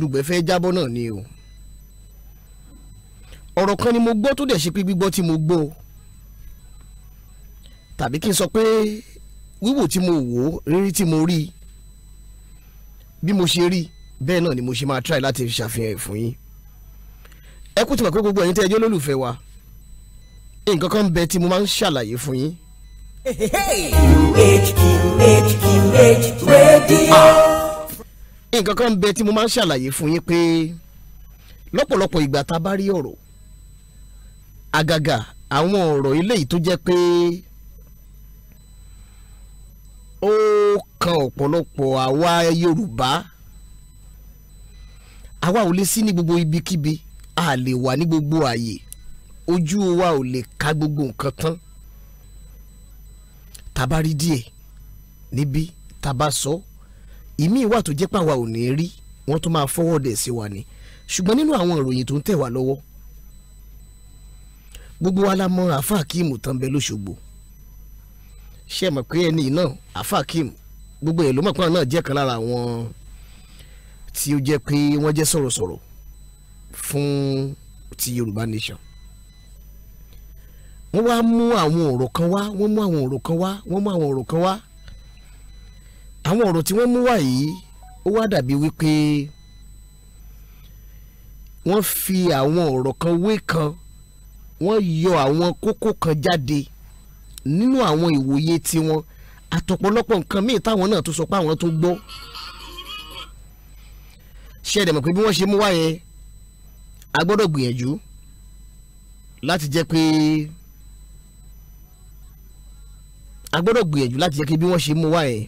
dùgbẹ́ fẹ́ jábọ́ náà ni o ọ̀rọ̀ kan ni mo gbọ́ tó dẹ̀ ṣe pé gbígbọ́ tí mo gbọ́ tàbí kí n sọ pé wíwò tí mo wò rírí tí mo rí bí mo ṣe rí bẹ́ẹ̀ náà ni mo ṣe máa try láti ṣàfihàn ẹ̀ yín ẹ kú ti pé gbogbo ẹ̀yin tẹ́ ẹjọ́ lólùfẹ́ wa nǹkan kan ń bẹ tí mo máa ń ṣàlàyé fún yín. QH QH QH rédíò nǹkan kan bẹ tí mo máa ń ṣàlàyé fún yín pé lọ́pọ̀lọpọ̀ ìgbà tá a bá rí ọ̀rọ̀ àgàgà àwọn ọ̀rọ̀ eléyìí tó jẹ́ pé ó kan ọ̀pọ̀lọpọ̀ àwa Yorùbá àwa ò lè sí ní gbogbo ibikíbi a lè wà ní gbogbo àyè ojú wa ò lè ka gbogbo nǹkan tán tá bá rí díẹ̀ níbi tá bá sọ ọ́ ìmí ìwà tó jẹ́ pàwa ò ní rí wọ́n tó máa forward ẹ̀ sí wa ni ṣùgbọ́n nínú àwọn ìròyìn tó ń tẹ̀ wá lọ́wọ́ gbogbo wa la mọ àfa akeem tán bẹ lóṣogbo ṣe mọ̀ pé ẹni náà àfa akeem gbogbo èlò mọ̀ pé àwọn náà jẹ́ kan lára àwọn tí ó jẹ́ pé wọ́n jẹ́ sọ̀rọ̀sọ̀rọ̀ fún ti Yorùbá nation wọ́n wá mú àwọn ọ̀rọ̀ kan wá wọ́n mú àwọn ọ̀rọ̀ kan wá wọ́n mú àwọn ọ̀rọ̀ kan wá àwọn ọ̀rọ̀ tí wọ́n mú wá yìí ó wá dàbí wípé wọ́n fi àwọn ọ̀rọ̀ kan wé kan wọ́n yọ àwọn kókó kan jáde nínú àwọn ìwòye tiwọn àtọ̀pọ̀lọpọ̀ nǹkan míì táwọn náà tún sọ pé àwọn tún gbọ́ ṣe ẹ̀dẹ̀ mọ̀ pé bí wọ́n ṣe mú wá yẹn a gbọ́dọ̀ gbìyànjú láti jẹ́ pé a gbọ́dọ̀ gbìyànjú láti jẹ́ pé bí wọ́n ṣe mú wá yẹn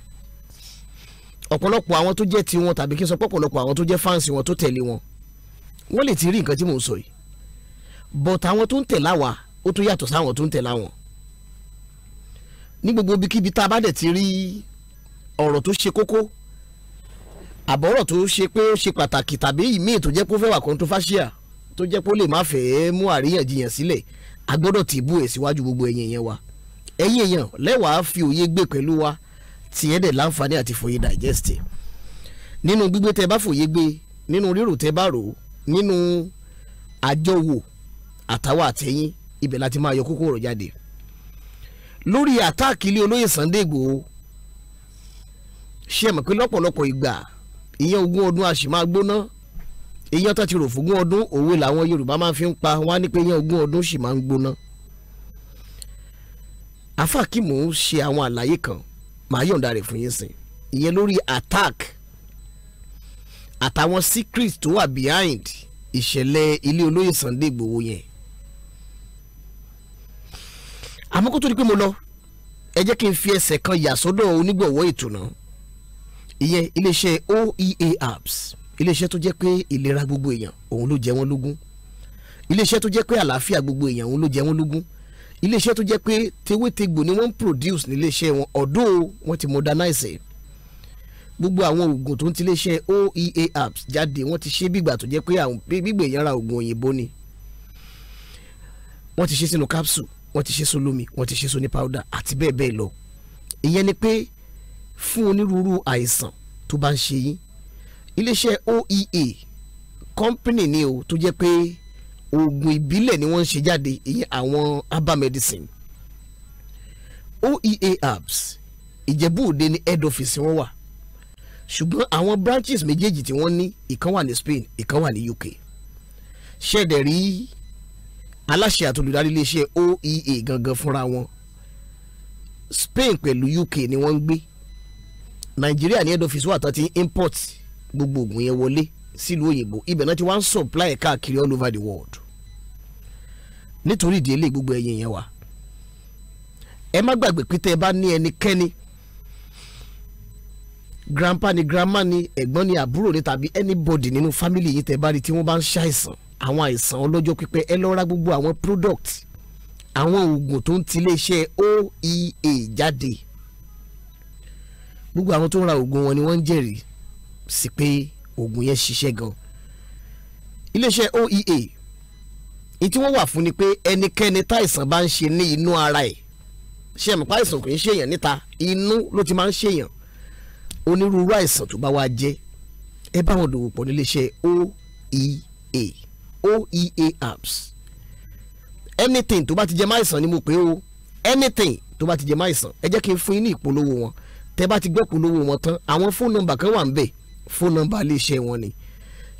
ọ̀pọ̀lọpọ̀ àwọn tó jẹ́ tiwọn tàbí kí n sọ pọ̀pọ̀lọpọ̀ àwọn tó jẹ́ fáǹsì wọn tó tẹ̀lé wọn wọ́n lè ti rí nǹkan tí mò ń sọ yìí but àwọn tó ń tẹ̀lé àwa ó tún yàtọ̀ sáwọn tó ń tẹ̀lé àwọn ní gbogbo ibikíbi tá a bá dẹ̀ ti rí ọ̀rọ̀ tó ṣe kókó àbọ̀rọ̀ tó ṣe pé ó ṣe pàtàkì tàbí ìmíì tó jẹ́ pé ó fẹ́ wà controversial tó jẹ́ pé ó lè má fẹ́ mú àríyànjiyàn sílẹ̀ a gbọ́dọ̀ tì bú ẹ̀ síwájú gbogbo ẹ̀yin èèyàn wa ẹ̀yin èèyàn lẹ́wàá fi òye gbé pẹ̀lú wa tiẹ̀ dẹ̀ láǹfààní àti fòye digest nínú gbígbé tẹ bá fòye gbé nínú rírò tẹ bá rò nínú àjọwò àtàwọn àtẹ̀yìn ibẹ̀ láti máa yọ kókó ọ̀rọ̀ jáde lórí àtáàkì ilé olóyè Sunday Igboho ṣe mọ̀ pé lọ́pọ̀lọpọ̀ ìgbà ìyẹn ogún ọdún a sì máa gbóná ìyẹn tó ti rò fógún ọdún òwe làwọn Yorùbá máa fi ń pa wá ní pé ìyẹn ogún ọdún sì máa ń gbóná afa kí ṣe àwọn àlàyé kan màá yọ̀ǹda rẹ̀ fún yín sìn ìyẹn lórí attack àtàwọn secret tó wà behind ìṣẹ̀lẹ̀ ilé olóyè Sunday Igboho yẹn àmọ́ kó tó di pé mo lọ ẹ jẹ́ kí n fi ẹsẹ̀ kan yà sọ́dọ̀ onígbọ̀wọ́ ètò náà ìyẹn iléeṣẹ́ OEA apps iléeṣẹ́ tó jẹ́ pé ìlera gbogbo èèyàn òun ló jẹ wọ́n lógún iléeṣẹ́ tó jẹ́ pé àlàáfíà gbogbo èèyàn òun ló jẹ wọ́n lógún iléeṣẹ́ tó jẹ́ pé tewétegbò ni wọ́n ń produce ní iléeṣẹ́ wọn ọ̀dọ́ wọn ti modernize gbogbo àwọn oògùn tó ń ti iléeṣẹ́ OEA apps jáde wọ́n ti ṣe bígbà tó jẹ́ pé àwọn gbígbè yàrá oògùn òyìnbó ni wọ́n ti ṣe sínú capsule wọ́n ti ṣe sólómi wọ́n ti ṣe sóní powder àti bẹ́ẹ̀ bẹ́ẹ̀ lọ ìyẹn ni pé fún onírúurú àìsàn tó bá ń ṣe yín iléeṣẹ́ OEA company ni o tó jẹ́ pé oògùn ìbílẹ̀ ni wọ́n ń ṣe jáde àwọn herbal medicine oea herbs ìjẹ̀bú òde ní head office wọn wà ṣùgbọ́n àwọn branches méjèèjì tí wọ́n ní ìkan wà ní Spain ìkan wà ní UK ṣẹ̀dẹ̀ rí aláṣẹ àtolùdarí iléeṣẹ́ oea gangan fúnra wọn Spain pẹ̀lú UK ni wọ́n ń gbé Nàìjíríà ní head office wà tán ti import gbogbo oògùn yẹn wọlé sílùú òyìnbó ibẹ̀ náà ti wá ń supply káàkiri all over the world nítorí ìdílé gbogbo ẹ̀yin yẹn wà ẹ má gbàgbé pé ẹ bá ní ẹnikẹ́ni grandpa ni grandma ni ẹ̀gbọ́n ni àbúrò ni tàbí anybody nínú family yìí tẹ́ ẹ bá rí tí wọ́n bá ń ṣàìsàn àwọn àìsàn ọlọ́jọ́ pípẹ́ ẹ lọ ra gbogbo àwọn product àwọn oògùn tó ń ti iléeṣẹ́ oea jáde gbogbo àwọn tó ń ra oògùn wọn ni wọ́n ń jẹ́rìí sí pé oògùn yẹn ṣiṣẹ́ gan iléeṣẹ́ oea ìtí wọ́n wà fún ni pé ẹnikẹ́ni táìsàn bá ń ṣe ní inú ara ẹ̀ ṣe mọ̀ pé àìsàn kò ń ṣèyàn níta inú ló ti máa ń ṣèyàn onírúurú àìsàn tó bá wá jẹ́ ẹ bá wọn dòwò pọ̀ ní oea oea apps anything tó bá ti jẹ́ máìsàn ni mo pè é anything tó bá ti jẹ́ máìsàn ẹ jẹ́ kí n fún yín ní ìpolówó wọn tẹ́ bá ti gbọ́ ìpolówó wọn tán àwọn fóònù nọ́mbà kan wà ń bẹ̀ 0244 fóònù nọ́mbà iléeṣẹ́ wọn ni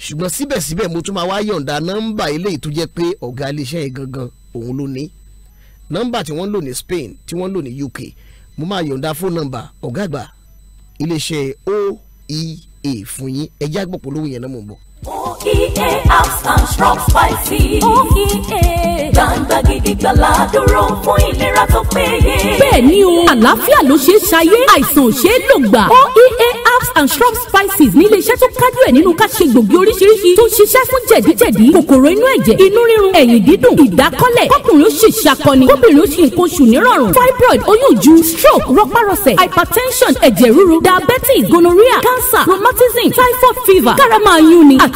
ṣùgbọ́n síbẹ̀síbẹ̀ mo tún máa wá yọ̀ǹda nọ́mbà eléyìí tó jẹ́ pé ọ̀gá iléeṣẹ́ yẹn gangan òun ló ní nọ́mbà tí wọ́n lò ní Spain tí wọ́n lò ní UK mo máa yọ̀ǹda fóònù nọ́mbà ọ̀gá àgbà iléeṣẹ́ OEA fún yín ẹjẹ́ àgbọ̀pọ̀ lówó yẹn náà mò ń bọ̀ oea apps and strong spices. oea gbangba gidi gbala dúró fún ìlera tó péye. bẹ́ẹ̀ni o àlàáfíà ló ṣe é ṣayé àìsàn ò ṣe é lò gbà. oea herbs and shrubs spices ní iléeṣẹ́ tó kájú ẹ̀ nínú ká ṣe gbòógì oríṣiríṣi tó ń ṣiṣẹ́ fún jẹ̀díjẹ̀dí kòkòrò inú ẹ̀jẹ̀ inú rírun ẹ̀yìn dídùn ìdákọ́lẹ̀ kọkùnrin ó ṣe ṣàkọni kóbìnrin ó ṣe nǹkan oṣù nírọ̀rùn fibroid oyún ju stroke rọpárọsẹ̀ hypertension ẹ̀jẹ̀ ríru diabetes gonorrhea cancer rheumatism typhoid fever kára máa yún ni àti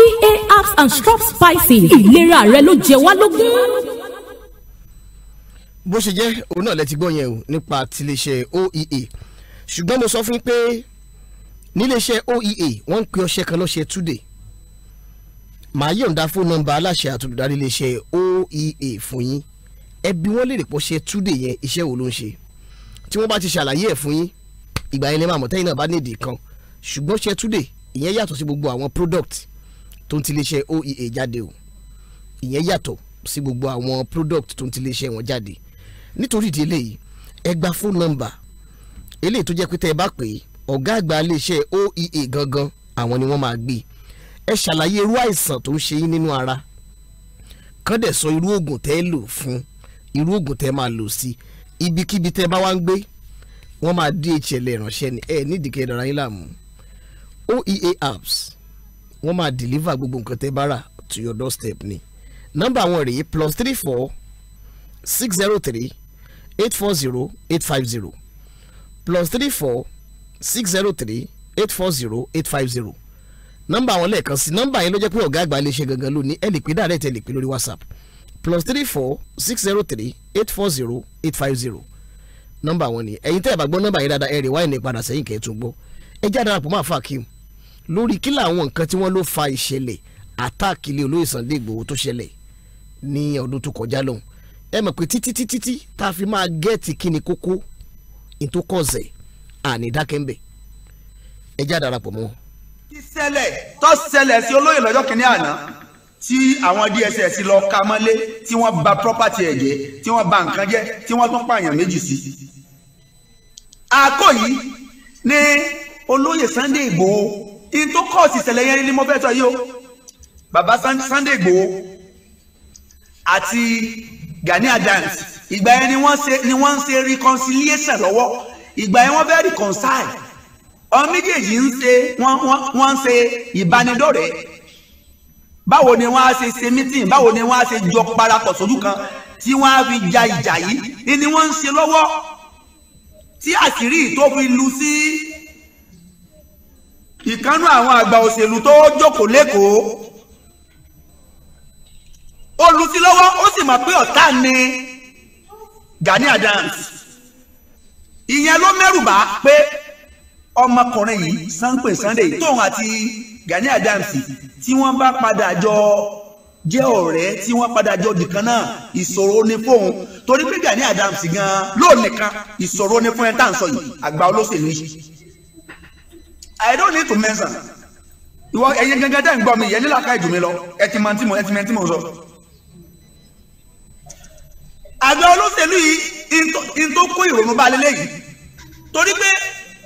ea herbs and shrub spices ìlera rẹ ló jẹ wá lógún. bó ṣe jẹ́ òun náà lẹ ti gbọ́ yẹn o nípa tiléeṣẹ́ oea ṣùgbọ́n mo sọ fún pé níléeṣẹ́ oea wọ́n ń pe ọṣẹ kan lọ́ṣẹ túdè màá yọ̀ǹda fóònù nọ́mbà aláṣẹ àtúndarí iléeṣẹ́ oea fún yín ẹbí wọn lè pọ̀ ṣe túdè yẹn iṣẹ́ wo ló ń ṣe tí wọ́n bá ti ṣàlàyé ẹ̀ fún yín ìgbà yẹn lè máa mọ̀ tẹ́yìn náà bá nídìí kan ṣùgbọ́n ṣe túdè ìyẹn yàtọ̀ sí gbogbo àwọn product tó ń tiléeṣẹ́ oea jáde o ìyẹn yàtọ̀ sí gbogbo àwọn product tó ń tiléeṣẹ́ wọn jáde nítorí ìdí eléyìí ẹ gba phone number eléyìí tó jẹ́ pé tẹ́ ẹ bá pè é ọ̀gá àgbà iléeṣẹ́ oea gangan àwọn ni wọ́n máa gbé ẹ ṣàlàyé irú àìsàn tó ń ṣe yín nínú ara kán dẹ̀ sọ irú oògùn tẹ́ ẹ lò fún irú oògùn tẹ́ ẹ máa lò sí ibikíbi tẹ́ ẹ bá wá ń gbé wọ́n máa dhl ránṣẹ́ ni ẹ nídìí kẹ́ ẹ dára yín láàmú oea apps wọ́n máa deliver gbogbo nǹkan tẹ́ bá to your doorstep ni Number one rèé plus three four six zero three eight four zero eight five zero plus three four six zero three eight four zero eight five zero Number one lẹ́ẹ̀kan sí number yẹn ló jẹ́ pé ọ̀gá àgbà iléeṣẹ́ gangan ló ní lè pè direct ẹ lè pè lórí whatsapp plus three four six zero three eight four zero eight five zero Number one ni ẹ̀yin tẹ́ ẹ̀ bá gbọ́ nọ́mbà yẹn dáadáa ẹ rè wáyé ní padà sẹ́yìn kẹ́ ẹ tún gbọ́ ẹ jáde àpò máa fà kí o lórí kí làwọn nǹkan tí wọ́n ló fa ìṣẹ̀lẹ̀ àtàkì ilé olóyè Sunday Ìgbòho tó ṣẹlẹ̀ ní ọdún tó kọjá lọ́hùn ẹ mọ̀ pé títí títí tí tá a fi máa gẹ́ẹ̀tì kí ni kókó ìtókọ̀ọ̀sẹ̀ àní dákẹ́ńbẹ̀ ẹ já darapọ̀ mọ́. ìṣẹ̀lẹ̀ tó ṣẹlẹ̀ sí olóyè lọ́jọ́ kìnínní àná tí àwọn DSS lọ ka mọ́lé tí wọ́n ba property ẹ̀ jẹ́ tí wọ́n ba nǹkan jẹ́ tí wọ́n tún pààyàn méjì sí. àkó yìí ni olóyè Sunday Ìgbòho in tó kọ́ọ̀sì ìṣẹ̀lẹ̀ yẹn ni mo fẹ́ sọ yìí o baba Sunday Igboho àti Gani Adams ìgbà yẹn ni wọ́n ṣe ni wọ́n ṣe reconciliation lọ́wọ́ ìgbà yẹn wọ́n fẹ́ reconcile ọmọ méjèèjì ń ṣe wọ́n ń ṣe ìbánidọ́rẹ̀ẹ́ báwo ni wọ́n á ṣe ṣe meeting báwo ni wọ́n á ṣe jọ parapọ̀ sójú kan tí wọ́n á fi ja ìjà yìí ni wọ́n ń ṣe lọ́wọ́ tí àṣírí tó fi lu sí. Si, ìkánú àwọn àgbà òṣèlú tó jókòó lẹ́kọ̀ọ́ ó lu sí lọ́wọ́ ó sì mọ̀ pé ọ̀tá ni Gani Adams ìyẹn ló mẹ́rùbá pé ọmọkùnrin yìí sanpe Sunday tóun àti Gani Adams tí wọ́n bá padà jọ jẹ́ ọ̀rẹ́ tí wọ́n padà jọ nìkan náà ìṣòro ni fóun torí pé Gani Adams gan lónìkan ìṣòro ni fún ẹ tá à ń sọ yìí àgbà olóṣèlú yìí. I don't need to mention ìwọ ẹ̀yin gẹ́gẹ́ dẹ́ ń gbọ́ mi yẹn lílà ká ìdùnmí lọ ẹ ti máa ń tí mo ẹ ti máa ń tí mo sọ. àgbẹ̀ olóṣèlú yìí n tó kó ìrònú bá lélẹ̀ yìí torí pé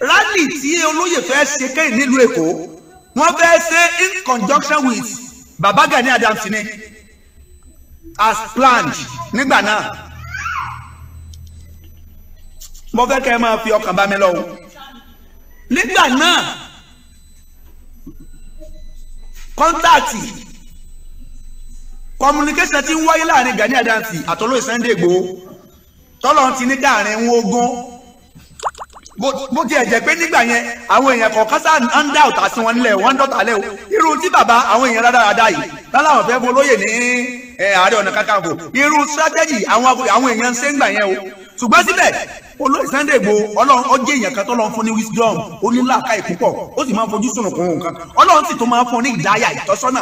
rally tí olóyè fẹ́ ṣe kẹ́yìn nílùú Èkó wọ́n fẹ́ ṣe in conjunction with Baba Gani Adams ni as planned nígbà náà mo fẹ́ kẹ́ ẹ máa fi ọkàn bá mi lọ o nígbà náà. kọ́ńtàtì communication tí ń wáyé láàrin Gani Adams àtọ́lóyè Sunday Igboho tọ́lọ́ ti ní káàrin ń ogún bó tiẹ̀ jẹ́ pé nígbà yẹn àwọn èèyàn kọ̀ọ̀kan sá ń dá nílẹ̀ wọ́n ń o irú tí bàbá àwọn èèyàn rádaràda yìí láláwọn fẹ́ bolóyè ní ààrẹ ọ̀nà kakanfò irú strategy àwọn èèyàn ń o ṣùgbọ́n síbẹ̀ olóyè Sunday Igboho ọlọ́run ó jẹ́ èèyàn kan tọ́lọ́run fún ní wisdom ó ní làákàyè púpọ̀ ó sì máa ń fojú sùn kún nǹkan ọlọ́run sì tún máa ń fún ní ìdáyà ìtọ́sọ́nà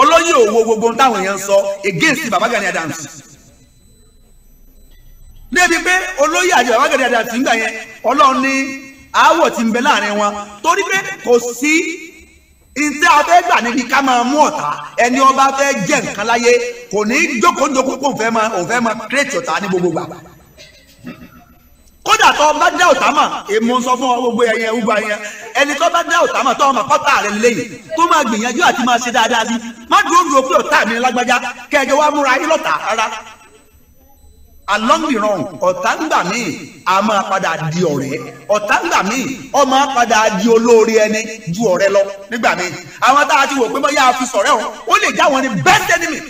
olóyè òwò gbogbo táwọn èèyàn ń sọ against Baba Gani Adams débi pé olóyè àjọ Baba Gani Adams ń gbà yẹn ọlọ́run ní aáwọ̀ ti ń bẹ láàrin wọn torí pé kò sí ìtẹ́ abẹ́gbà níbi ká máa mú ọ̀tá ẹni ọba fẹ́ jẹ́ nǹkan láyé kò ní í jókòó-jókòó kó fẹ́ máa òfẹ́ máa kírètì ọ̀tá ní gbogbo gbà. kódà tó bá dá ọ̀tá mà èmo sọ fún ọ gbogbo ẹyẹ ugbà ẹni tó bá dá ọ̀tá mà tó ọmọ pátá rẹ lẹ́yìn tó máa gbìyànjú àti máa ṣe dáadáa sí má dúró dúró pé ọ̀tá mi lágbájá kẹjọ wa múra yín lọ́tà rárá along ọ̀tá ń gbà míì a máa padà di ọ̀rẹ́ ọ̀tá ń gbà míì ó máa padà di olóore ẹni ju ọ̀rẹ́ lọ nígbà míì àwọn tá a ti wò pé bóyá a fi sọ̀rẹ́ o ó lè já wọn ní best enemy.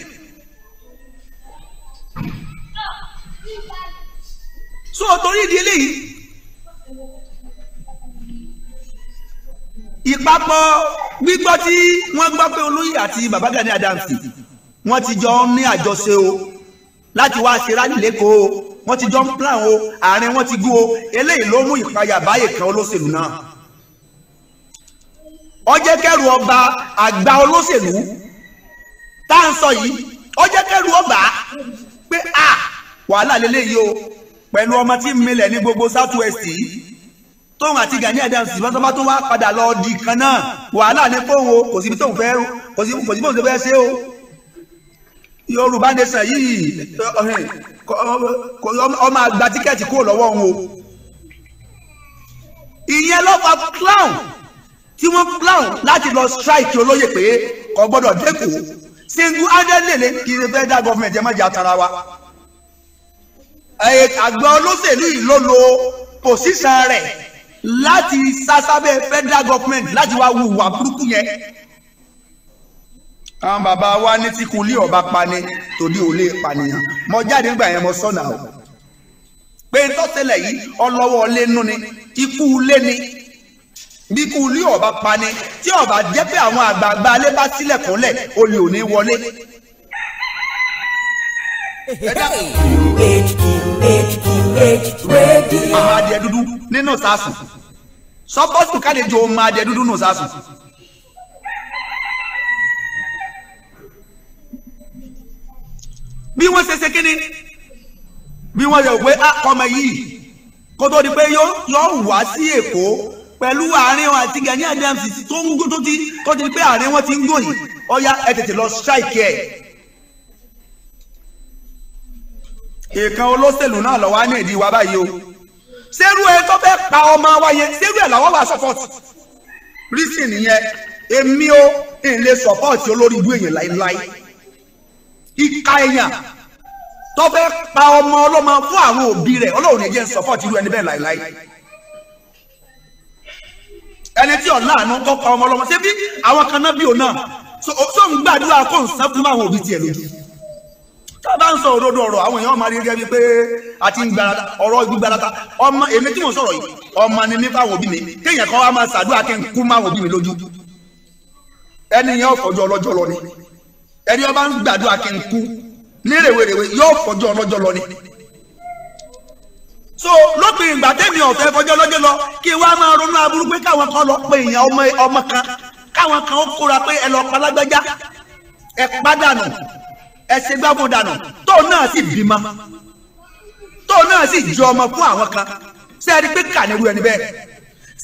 so torí ìdí eléyìí ìpapọ̀ gbígbọ́ tí wọ́n gbọ́ pé olóyè àti bàbá Adams wọ́n ti jọ ní àjọṣe o láti wá ṣe rálì lẹ́kọ̀ọ́ wọ́n ti jọ ń plan o àárín wọn ti gún o eléyìí ló mú ìpayà báyè kan olóṣèlú náà ó jẹ́ kẹ́rù ọba àgbà olóṣèlú tá à ń sọ yìí ó jẹ́ kẹ́rù ọba pé a wàhálà lélẹ́yìí o pẹ̀lú ọmọ tí ń milẹ̀ ní gbogbo south west yìí tóun àti Gani Adams ìbátanbá tó wá padà lọ di kan náà wàhálà ní fóun o kò síbi tóun fẹ́ ṣe o yorùbá nation yìí ọmọ àgbà tíkẹ́ẹ̀tì kúrò lọ́wọ́ wọn o ìyẹn ló fa clown tí wọ́n clown láti lọ strike olóyè pé kò gbọ́dọ̀ dẹ́kun single handed lèlè kí ilé federal government ẹ má jẹ́ atara wa àgbà olóṣèlú yìí ló lo position rẹ̀ láti sásábẹ́ federal government láti wá wu ìwà burúkú yẹn àwọn bàbá wa ní tí kunlé ọba pani tòde òlé pànìyàn mo jáde nígbà yẹn mo sọnà o pé tọ́tẹ̀lẹ̀ yìí ọlọ́wọ́ lẹ́nu ni ikú lé ni bí kunlé ọba pani tí ọba jẹ́ pé àwọn àgbààgbà alẹ́ bá sílẹ̀kùnlẹ̀ olè ò wọlé. àwọn adìẹ dúdú nínú sàásù sọ bọ́sù kálíjọ ọmọ adìẹ dúdú nínú sàásù. bí wọ́n ṣe ṣe kíni bí wọ́n yọ̀ pé ọmọ yìí kó tó di pé yóò wá sí Èkó pẹ̀lú àárín wọn àti Gani Adams tó ń gún tó ti tó di pé àárín wọn ti ń gòyìn ọ̀ya ẹ tètè lọ ṣáìkì ẹ̀. èèkan olóṣèlú náà lọ́wọ́ á ní ìdí wa báyìí o ṣerú ẹ tó fẹ́ pa ọmọ wa yẹn ṣerú ẹ làwọn wà support reason nìyẹn èmi ò ń lè support olórí ibú èèyàn láéláé. ìka èèyàn tó pa ọmọ ọlọ́mọ fún àwọn òbí rẹ̀ ọlọ́run ní jẹ́ ń ẹni bẹ́ẹ̀ láìláì ẹni tí ọ̀la àná pa ọmọ ọlọ́mọ ṣé àwọn kan náà bí òun náà sóun gbàdúrà kó ń fún àwọn òbí tiẹ̀ lójú tá a bá ń sọ òdodo ọ̀rọ̀ àwọn èèyàn máa rí rí ẹbí pé a ti ń gbarata ọ̀rọ̀ ọmọ èmi tí mo sọ̀rọ̀ yìí ọmọ n kú òbí mi lójú ẹni yẹn ọlọ́jọ́ lọ ẹni ọba ń gbàdúrà kí n kú ní yóò fọjọ́ ọlọ́jọ́ lọ ni. so lópin ìgbà tẹ́mi ọ̀fẹ́ fọjọ́ ọlọ́jọ́ lọ kí wàá máa ronú aburú pé káwọn kan lọ pé èèyàn ọmọ ọmọ kan káwọn kan ó kóra pé ẹ lọ pa lágbájá ẹ pàdánù ẹ ṣe gbàgbọ́ dànù tóun náà sì bímọ tóun náà sì jọ ọmọ fún àwọn kan ṣé ẹ rí pé kà ní ẹni bẹ́ẹ̀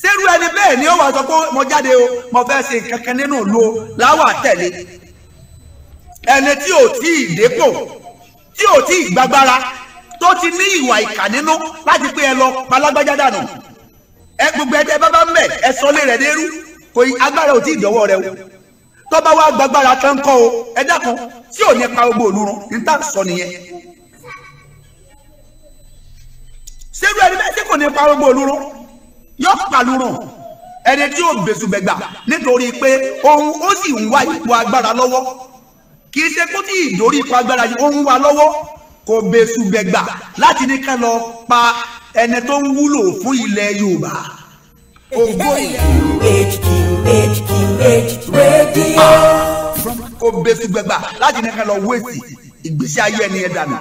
ṣé irú ẹni bẹ́ẹ̀ ni ó wàá sọ pé mo jáde o mo fẹ́ ṣe nǹkan kan nínú ìlú láwọ̀ àtẹ̀lé ẹni tí ò tí ì dépò tí ò tí ì tó ti ní ìwà ìkà nínú láti pé ẹ lọ palágbájá dànù ẹ gbogbo ẹgbẹ bábá ń bẹ ẹ sọlé rẹ dérú kò í agbára ò tí ì dọ́wọ́ rẹ o tọ́ba wa gbàgbára tán kọ́ o ẹ dákun tí ò ní pa gbogbo olúrun ní tá à ń sọ nìyẹn sẹ́rù ẹni bẹ́ẹ̀ tí kò ní pa gbogbo olúrun yọ pàlúrùn ẹni tí ò gbèsùgbẹ̀gbà nítorí pé òun ó sì ń wá ipò agbára lọ́wọ́ kì í ṣe kó tí ìdórí ipa agbára yìí ó ń wa lọ́wọ́ kò bẹ̀sù bẹ̀gbà láti ní ká lọ pa ẹni tó ń wúlò fún ilẹ̀ yorùbá. ògbó kò bẹ̀sù bẹ̀gbà láti ní ká lọ wéètì ìgbésí ayé ẹni ẹ̀ dànù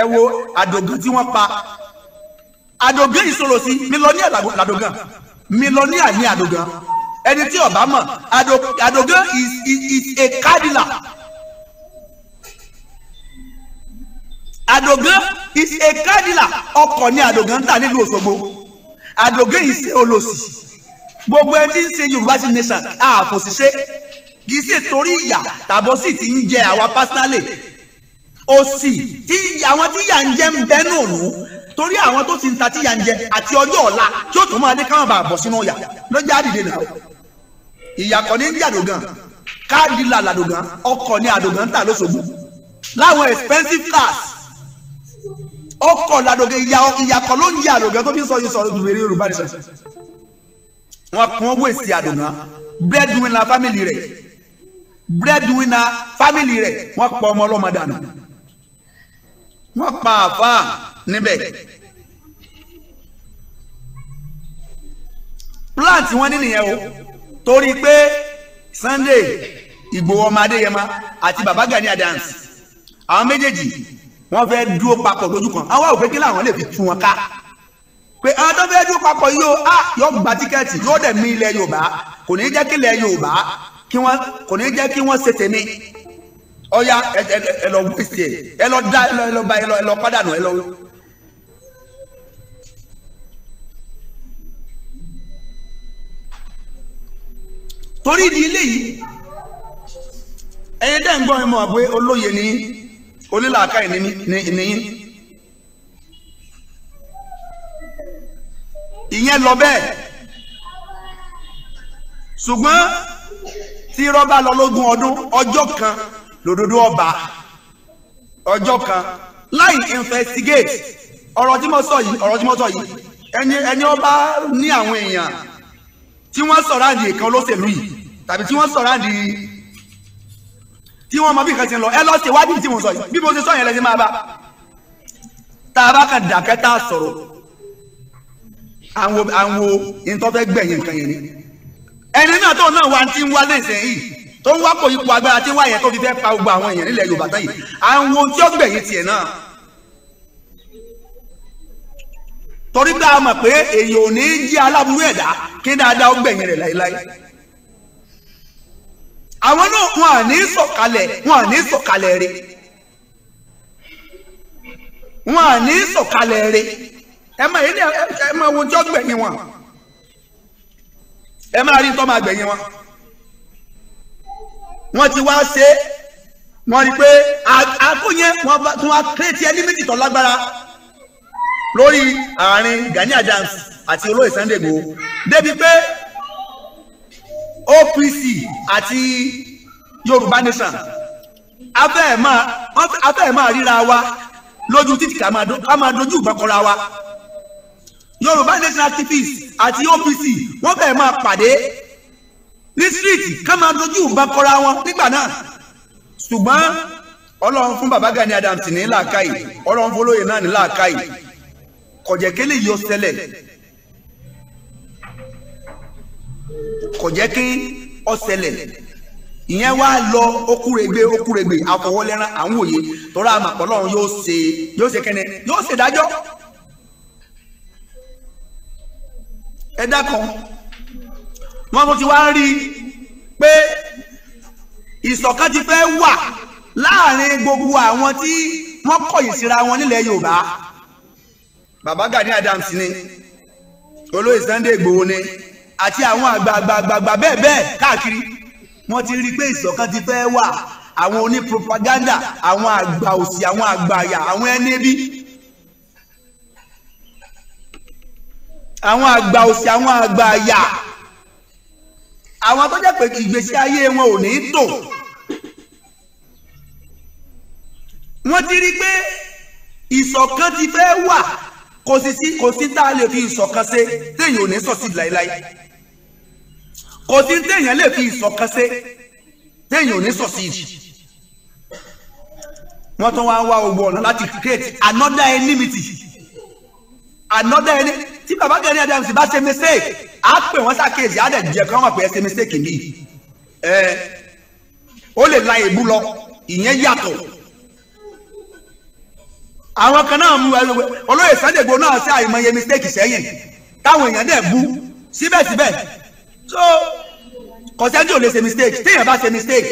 ẹ wo àdògán tí wọ́n pa àdògán ìṣòro sí mílíọ̀nìyà làdògán mílíọ̀nìyà ní àdògán ẹni tí ọba mọ̀ àdògán is a cardinal. àdògán is a cardinal ọkọ̀ ní àdògán ń tà nílùú òṣogbo àdògán yìí ṣe olòṣì gbogbo ẹni tí ń ṣe yorùbá ti nation àfòṣìṣe kì í ṣe torí ìyà tàbọ̀ sì ti ń jẹ àwa pásítálè òṣì tí àwọn tí ìyà ń jẹ ń bẹ́nu òrùn torí àwọn tó ti ń ta tí ìyà ń jẹ àti ọjọ́ ọ̀la tí ó tún máa dé káwọn bá bọ̀ sínú ìyà lọ́jà àdìde náà ìyà kọ́ ní jàdògán káàdì làlàdògán ọkọ̀ ní àdògán tà lóṣogbo láwọn expensive cars ọkọ̀ ládògé ìyàkọ̀ ló ń yà àdògé tó fi sọ yìí sọ̀rọ̀ ìwé yorùbá nìṣẹ́ wọn kàn wọ́n èsì àdògá breadwinner family rẹ̀ breadwinner family rẹ̀ wọ́n pa ọmọ ọlọ́mọ dànù wọ́n pa àfa níbẹ̀ plant wọn ní nìyẹn o torí pé Sunday Ìgbòho ọmọ Adéyẹmọ àti Baba Gani Adams àwọn méjèèjì wọ́n fẹ́ dúró papọ̀ lójú kan àwa ò fẹ́ kí làwọn lè fi tú wọn ká pé àwọn tó fẹ́ dúró papọ̀ yìí ó à yóò gba tíkẹ́ẹ̀tì yóò dẹ̀ mí ilẹ̀ Yorùbá kò ní jẹ́ kí ilẹ̀ Yorùbá kí wọ́n kò ní jẹ́ kí wọ́n ṣe tèmi ọ̀ya ẹ lọ wíṣì ẹ ẹ lọ da ẹ lọ ba ẹ lọ pàdánù ẹ lọ. torí ìdí ilé yìí ẹ̀yin dẹ́ ń gbọ́ ẹ mọ̀ pé olóye ni onílàákà ìníyín ìyẹn lọ bẹ́ẹ̀ ṣùgbọ́n tí rọ́bà lọ lógún ọdún ọjọ́ kan lòdòdó ọba ọjọ́ kan láì investigate ọ̀rọ̀ tí mo sọ yìí ọ̀rọ̀ tí mo sọ yìí ẹni ẹni ọba ní àwọn èèyàn tí wọ́n sọ̀rọ̀ àdì ìkan olóṣèlú yìí tàbí tí wọ́n sọ̀rọ̀ àdì tí wọn mọ bí nǹkan ti ń lọ ẹ lọ sí ìwádìí tí mo sọ yìí bí mo ti sọ yẹn máa bá tá a bá dàkẹ́ tá a sọ̀rọ̀ àwọn àwọn ìtọ́fẹ́ gbẹ̀yìn nǹkan yẹn ni ẹni náà tó náà ti ń wá lẹ́sẹ̀ yìí tó ń fi fẹ́ pa gbogbo àwọn èèyàn nílẹ̀ Yorùbá àwọn tí ó gbẹ̀yìn tiẹ̀ náà torí a mọ̀ pé èèyàn ò ní í aláburú ẹ̀dá àwọn náà wọn à ní sọ̀kalẹ̀ wọn à ní sọ̀kalẹ̀ rẹ̀ wọn à ní sọ̀kalẹ̀ rẹ̀ ẹ máa yẹn ẹ máa wo jọ́ gbẹ̀yìn wọn ẹ máa rí tọ́ máa gbẹ̀yìn wọn wọ́n ti wá ṣe wọ́n rí pé àkóyẹ wọ́n tún wá kírètì ẹlímìtì tó lágbára lórí àárín Gani Adams àti olóyè Sunday Igboho débi pé OPC àti Yorùbá Nation afẹ́ ẹ̀ máa ríra wa lójú títì ká máa dojú ìgbọ́kọ̀ra wa Yorùbá Nation activists àti OPC wọ́n fẹ́ máa pàdé ní síríìtì ká máa dojú ìgbọ́kọ̀ra wọn nígbà náà ṣùgbọ́n ọlọ́run fún bàbá Gani Adams ní làákàyè ọlọ́run fún olóyè náà ní làákàyè kọ̀jẹ̀kẹ́lẹ́ yìí ó kò jẹ́ kí ó ṣẹlẹ̀ ìyẹn wá lọ okúregbe okúregbe àfọwọ́lẹ́rán àwọn òye tọ́ra àmàpọ̀ lọ́run yóò ṣe yóò ṣe kẹ́nẹ́ yóò ṣe dájọ́ ẹ̀dá kan wọ́n tún ti wá ń rí i pé ìṣọ̀kan ti fẹ́ wà láàrin gbogbo àwọn tí wọ́n kọ̀yìn síra wọn nílẹ̀ Yorùbá bàbá Gani Adams ni olóyè Sunday Igboho ni àti àwọn àgbààgbààgbà bẹ́ẹ̀ bẹ́ẹ̀ káàkiri wọ́n ti rí i pé ìṣọ̀kan ti fẹ́ wà àwọn oní propaganda àwọn àgbà òsì àwọn àgbà àyà àwọn ẹni bí àwọn àgbà òsì àwọn àgbà àyà àwọn tó jẹ́ pé ìgbésí ayé wọn ò ní tò wọ́n ti rí i pé ìṣọ̀kan ti fẹ́ wà kò sí sí kò sí tá a lè fi ìṣọ̀kan ṣe téèyàn ò ní sọ sí láéláé kò sí téèyàn lè fi ìṣọ̀kan ṣe téèyàn ò ní sọ sí i wọ́n tún wá wá gbogbo ọ̀nà láti create another enmity another enemy tí bàbá Gani Adams bá ṣe mistake á pè wọ́n ṣàkíyèsí á dẹ̀ jẹ́ kí wọ́n mọ̀ pé ẹ ṣe mistake mi ẹ ó lè la èébú lọ ìyẹn yàtọ̀ àwọn kan náà mú olóyè Sunday Igboho náà ṣe àìmọye mistake sẹ́yìn táwọn èèyàn dẹ̀ bú síbẹ̀síbẹ̀ so kọ̀sẹ́ńtì ò lè ṣe mistake téèyàn bá ṣe mistake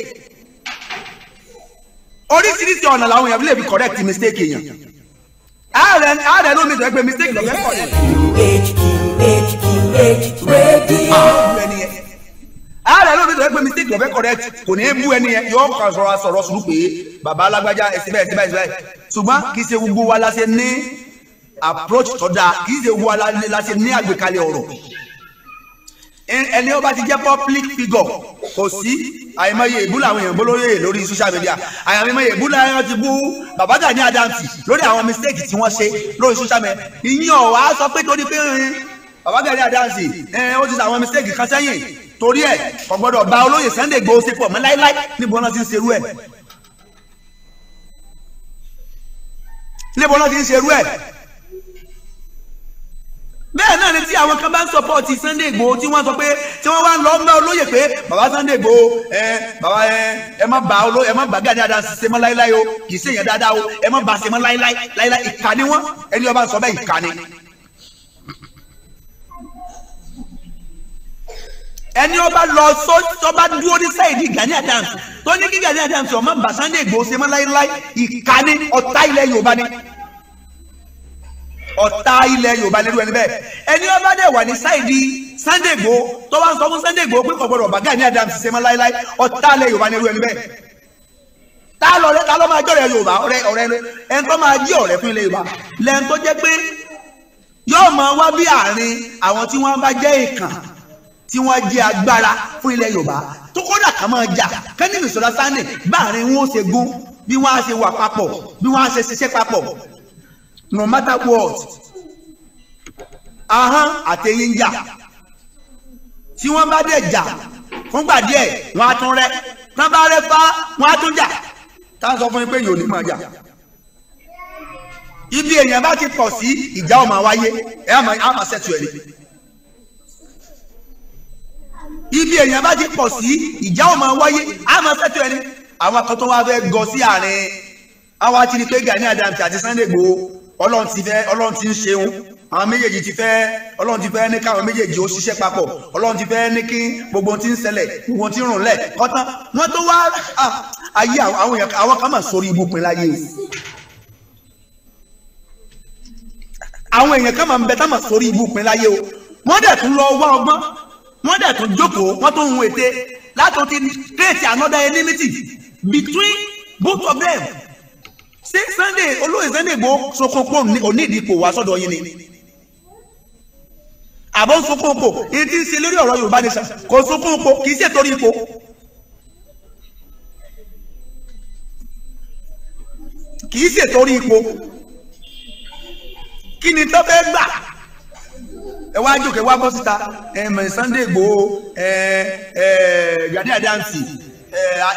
oríṣiríṣi ọ̀nà làwọn èèyàn lè fi correct mistake èèyàn ààrẹ ààrẹ ló mi sọ pé mistake lọ́fẹ́ correct. ààrẹ ló mi sọ pé mistake lọ́fẹ́ correct kò ní í bú ẹni yẹn yóò kàn sọ̀rọ̀ sọ̀rọ̀ sùn pé bàbá alágbájá ẹ̀sìn bẹ́ẹ̀ ẹ̀sìn bẹ́ẹ̀ ẹ̀sìn bẹ́ẹ̀ ṣùgbọ́n kì í ṣe gbogbo wa la ṣe ní approach tó dáa kì í ṣe gbogbo wa la ṣe ní àgbékalẹ̀ ọ̀rọ̀ ẹni ó bá ti jẹ́ public figure kò sí àìmọye èébú làwọn èèyàn bólóyè lórí social media àìmọye èébú làwọn ti bú Bàbá Gani Adams lórí àwọn mistake tí wọ́n ṣe lórí social media ìyẹn ọ̀ wá sọ pé torí pé Bàbá Gani Adams ó ti sọ àwọn mistake kan sẹ́yìn torí ẹ̀ kò gbọ́dọ̀ bá olóyè Sunday Igboho ṣe pọ̀ mọ́ láíláí níbo náà ti ń ṣerú ẹ̀ níbo náà ti ń ṣerú ẹ̀ bẹ́ẹ̀ náà ni tí àwọn kan bá ń sọpọ́ọ̀tì Sunday Igboho tí wọ́n sọ pé tí wọ́n wá ń lọ mẹ́ olóyè pé bàbá Sunday Igboho ẹ bàbá ẹ ẹ má bà olóyè ẹ má bà Gani Adams ṣe mọ́ láíláí o kì í ṣe èèyàn dáadáa o ẹ má bà ṣe mọ́ láíláí láíláí ìkà ni wọ́n ẹni ọba sọ bẹ́ẹ̀ ìkà ni. ẹni ọba lọ sọ ọba dúró ní sáìdì Gani Adams tó ní kí Gani Adams ó má bà Sunday Igboho ṣe mọ́ láíláí ìkà ni ọ̀tá ilẹ̀ ọ̀tá ilẹ̀ yorùbá lérú ẹni bẹ́ẹ̀ ẹni ọba dẹ̀ wà ní sáìdì Sunday Igboho tó wá ń sọ fún Sunday Igboho pé kò gbọdọ̀ ọ̀bá Gani Adams ṣe mọ́ láéláé ọ̀tá ilẹ̀ yorùbá lérú ẹni bẹ́ẹ̀ tá lọ rẹ tá lọ máa jọ̀rẹ̀ yorùbá ọ̀rẹ́ ọ̀rẹ́ ẹni tó máa jí ọ̀rẹ́ fún ilẹ̀ yorùbá lẹ́yìn tó jẹ́ pé yóò máa wá bí àárín àwọn tí wọ́n bá jẹ́ ìkàn tí wọ́n jẹ́ agbára fún ilẹ̀ yorùbá tó kódà ká máa jà kẹ́ni ìṣọ̀lá Sunday báàrin wọn ó ṣe gún bí wọ́n á ṣe wà papọ̀ bí wọ́n á ṣe ṣiṣẹ́ papọ̀ no matter what ahọ́n àtẹ̀yìn ń jà tí wọ́n bá dẹ̀ jà fúngbà díẹ̀ wọ́n á tún rẹ́ tán bá rẹ́ fá wọ́n á tún jà tá a sọ fún yín pé yòó ní máa jà ibi èèyàn bá ti pọ̀ sí ìjà ó máa wáyé ẹ̀ á máa ẹ̀ lé ibi èèyàn bá ti pọ̀ sí ìjà ó máa wáyé á máa ṣètò ẹ̀ ni àwọn akọ́tọ́ wa fẹ́ gọ sí àárín àwọn àti ní pé Gani Adams àti Sunday Igboho ọlọ́run ti fẹ́ ọlọ́run ti ń ṣeun àwọn méjèèjì ti fẹ́ ọlọ́run ti fẹ́ ní káwọn méjèèjì ó ṣiṣẹ́ papọ̀ ọlọ́run ti fẹ́ ní kí gbogbo ti ń ṣẹlẹ̀ gbogbo ti ń rùn lẹ̀ ọ̀tán wọ́n tó wá ayé àwọn èèyàn àwọn kan máa sórí ibùpin láyé àwọn èèyàn kan máa ń bẹ tá máa sórí ibùpin láyé o wọ́n dẹ̀ tún lọ wá ọgbọ́n wọ́n dẹ̀ tún jókòó wọ́n tó ń hun ète látò ti create another enmity between both of them ṣé Sunday olóyè Sunday gbó Sokoko, pò onídìpò wá sọ́dọ̀ yín ni àbọ̀ Sokoko, po èyí tí ń ṣe lórí ọ̀rọ̀ Yorùbá nation kò sunkún po kì í ṣe torí ipò. kì í ṣe torí ipò kí ni tó fẹ́ gbà ẹ wá jòkè wá bọ́ síta ẹ mọ̀ Sunday Igboho ẹ ẹ Gani Adams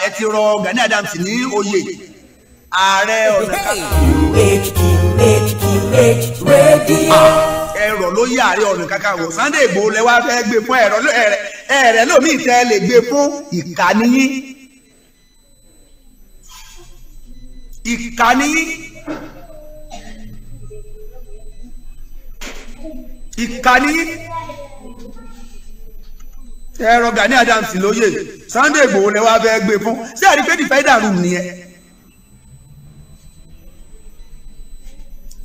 ẹ ti rọ Gani Adams ní oyè ààrẹ ọ̀nà kakanfò. E ah, ẹ̀rọ ló yí ààrẹ ọ̀nà kakanfò Sunday Igboho lẹ wá fẹ́ gbé fún ẹ̀rọ ẹ̀rẹ̀ lómi ìtẹ́ lè gbé fún ìkànnìyí. ìkànnìyí. ìkànnìyí ẹ̀rọ Gani Adams lóye Sunday Igboho lẹ wá fẹ́ gbé fún sí àdìpé dìfẹ́ dàrú nìyẹn.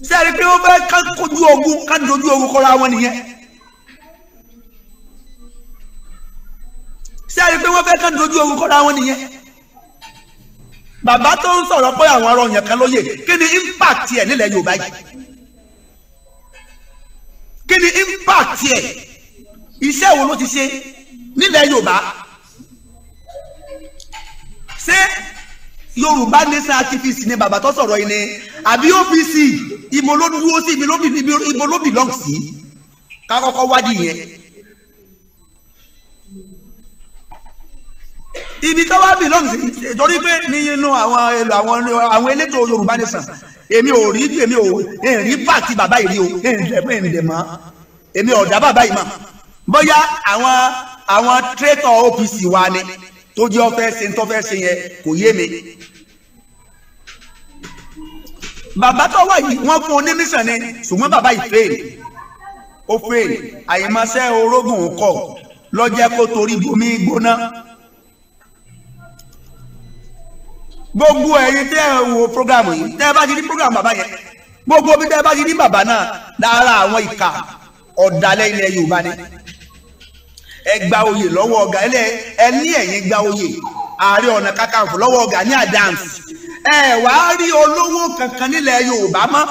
sẹ́ẹ̀rì pé ó fẹ́ ká kojú ogun ká dojú ogun kọ́ra wọn nìyẹn sẹ́ẹ̀rì pé wọ́n fẹ́ ká dojú ogun kọ́ra wọn nìyẹn bàbá tó ń sọ̀rọ̀ pé àwọn ọ̀rọ̀ yẹn kan lóye kí ni impact ẹ̀ nílẹ̀ Yorùbá yìí kí ni impact ẹ̀ iṣẹ́ wo ló ti ṣe nílẹ̀ Yorùbá ṣé yorùbá nation activist ni bàbá tó sọ̀rọ̀ yìí ni àbí OPC ibo ló dúró sí ibo ló belong sí ká kọ́kọ́ wádìí yẹn. ibi tó wá belong sí torí pé nínú àwọn èlò àwọn elétò yorùbá nation èmi ò rí èmi ò rí pàtì bàbá yìí rí o èmi dẹ̀ mọ́ èmi ọ̀dà bàbá yìí mọ́ bóyá àwọn àwọn traitor OPC wa ni tó jẹ́ ọ́fẹ́ ṣe ń tọ́fẹ́ ṣe yẹn kò yé mi. bàbá tó wà yìí wọ́n fún onímísàn ni ṣùgbọ́n bàbá yìí fèèrè ó fèèrè àyèmọ́sẹ́ orógùn kọ̀ lọ́jẹ́ kó torí bomi gbóná. gbogbo ẹ̀yin tẹ́ ẹ wo programu yìí tẹ́ ẹ bá ti ní programu bàbá yẹn gbogbo bí tẹ́ ẹ bá ti ní bàbá náà lára àwọn ìka ọ̀dàlẹ̀ ilẹ̀ Yorùbá ni. ẹ gba oyè lọ́wọ́ ọ̀gá ẹ ní ẹ̀yìn gba oyè ààrẹ ọ̀nà kakanfò lọ́wọ́ ní Adams ẹ wá rí olówó kankan nílẹ̀ Yorùbá mọ́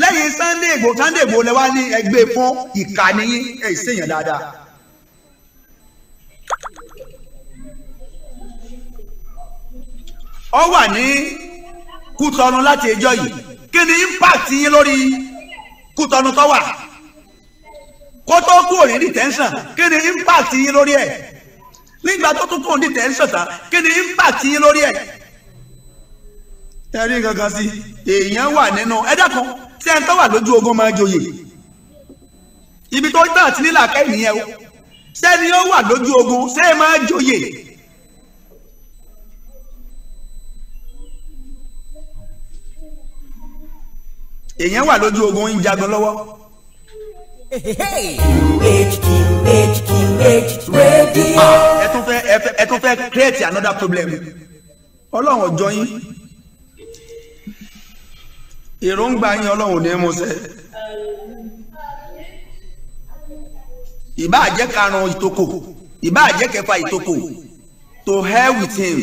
lẹ́yìn Sunday Igboho Sunday Igboho lẹ́wà ní ẹgbẹ́ fún ìkànnì ẹ̀ dáadáa. ọ wà ní Kútọ̀nù láti ẹjọ́ yìí kí ni impact yín lórí Kútọ̀nù tó wà. kó tó kúrò ní detention kí ni impact yín lórí ẹ̀ nígbà tó tún kúrò ní detention tán kí ni impact yín lórí ẹ̀. ẹ rí nǹkan kan sí èèyàn wà nínú ẹ̀dá kan tí ẹni tó wà lójú ogun máa joyè ibi tó tàn àti nílà kẹ́ ìnìyẹn o sẹ́ni ó wà lójú ogun ṣé ẹ máa joyè. èèyàn wà lójú ogun ń jagun lọ́wọ́. QH QH QH radio. ẹ tún fẹ́ ẹ tún fẹ́ create another problem ọlọ́run ọjọ́ yín èròǹgbà yín ọlọ́run ò ní mú ṣẹ ìbá àjẹ́ karùn-ún ìtòkò ìbá àjẹ́ kẹfà ìtòkò to hell with him.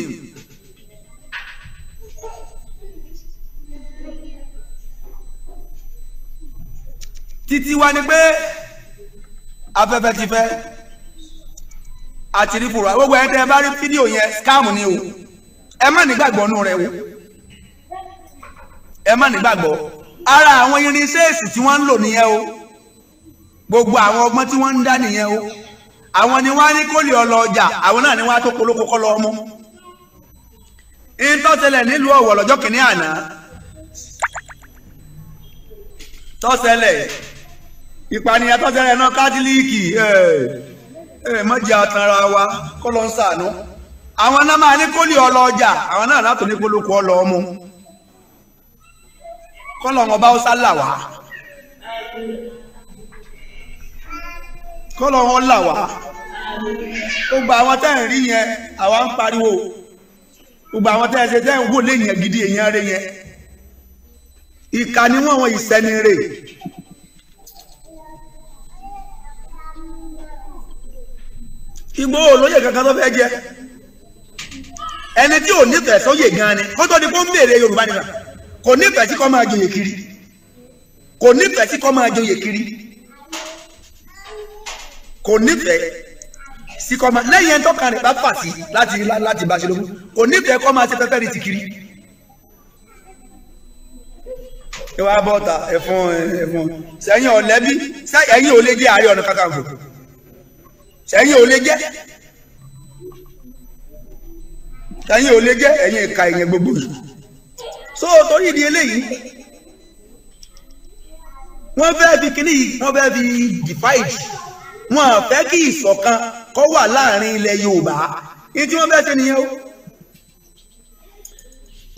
titi wá ni pé afẹ́fẹ́ ti fẹ́ àti rí fúra gbogbo bá rí fídíò yẹn ni o ẹ má nígbàgbọ́ o ẹ ara àwọn irinṣẹ́ èsì tí wọ́n ń lò o gbogbo àwọn ọgbọ́n tí wọ́n ń dá o àwọn ni wọ́n á ní kó lè ọlọ ọjà àwọn náà ni wọ́n á tó lọ ọmọ nílùú Ọ̀wọ̀ lọ́jọ́ kìnínní àná tọ́sẹ̀lẹ̀ ìpànìyàn tó ṣẹlẹ̀ náà kátólíìkì eh, eh, mọ̀jẹ̀ àtàrà wa kọ́ ló ń àwọn náà máa ní kólì ọlọ ọjà àwọn náà látò ní kólókó ọlọ ọmú kọ́ lọ́wọ́ ọba ó sálà wá kọ́ lọ́wọ́ là wá gbogbo àwọn tẹ́ ń rí Ìgbò olóyè kankan tó fẹ́ jẹ ẹni tí ò nífẹ̀ẹ́ sóyè gan ni kó tó di kó ń béèrè Yorùbá nìkan kò nífẹ̀ẹ́ sí kó máa joyè kiri kò nífẹ̀ẹ́ sí kó máa joyè kiri kò nífẹ̀ẹ́ sí kó máa lẹ́yìn ẹni tó kan rẹ̀ bá fà sí láti láti bá ṣe lógún kò nífẹ̀ẹ́ kó máa ṣe pẹ́pẹ́ rí ti kiri. ìwà bọ́ta ẹ̀fọn ẹ̀fọn sẹ́yìn ọ̀lẹ́bí sẹ́yìn ò lè jẹ́ Ààrẹ Ọ̀nà Kakanfò ẹ̀yin ò lè jẹ́ ẹ̀yin ò lè jẹ́ ẹ̀yin ìka ẹ̀yin gbogbo yìí so torí ìdí eléyìí wọ́n fẹ́ fi kíní yìí wọ́n fẹ́ fi divide wọ́n fẹ́ kí ìṣọ̀kan kó wà láàrin ilẹ̀ Yorùbá ní tí wọ́n fẹ́ ṣe nìyẹn o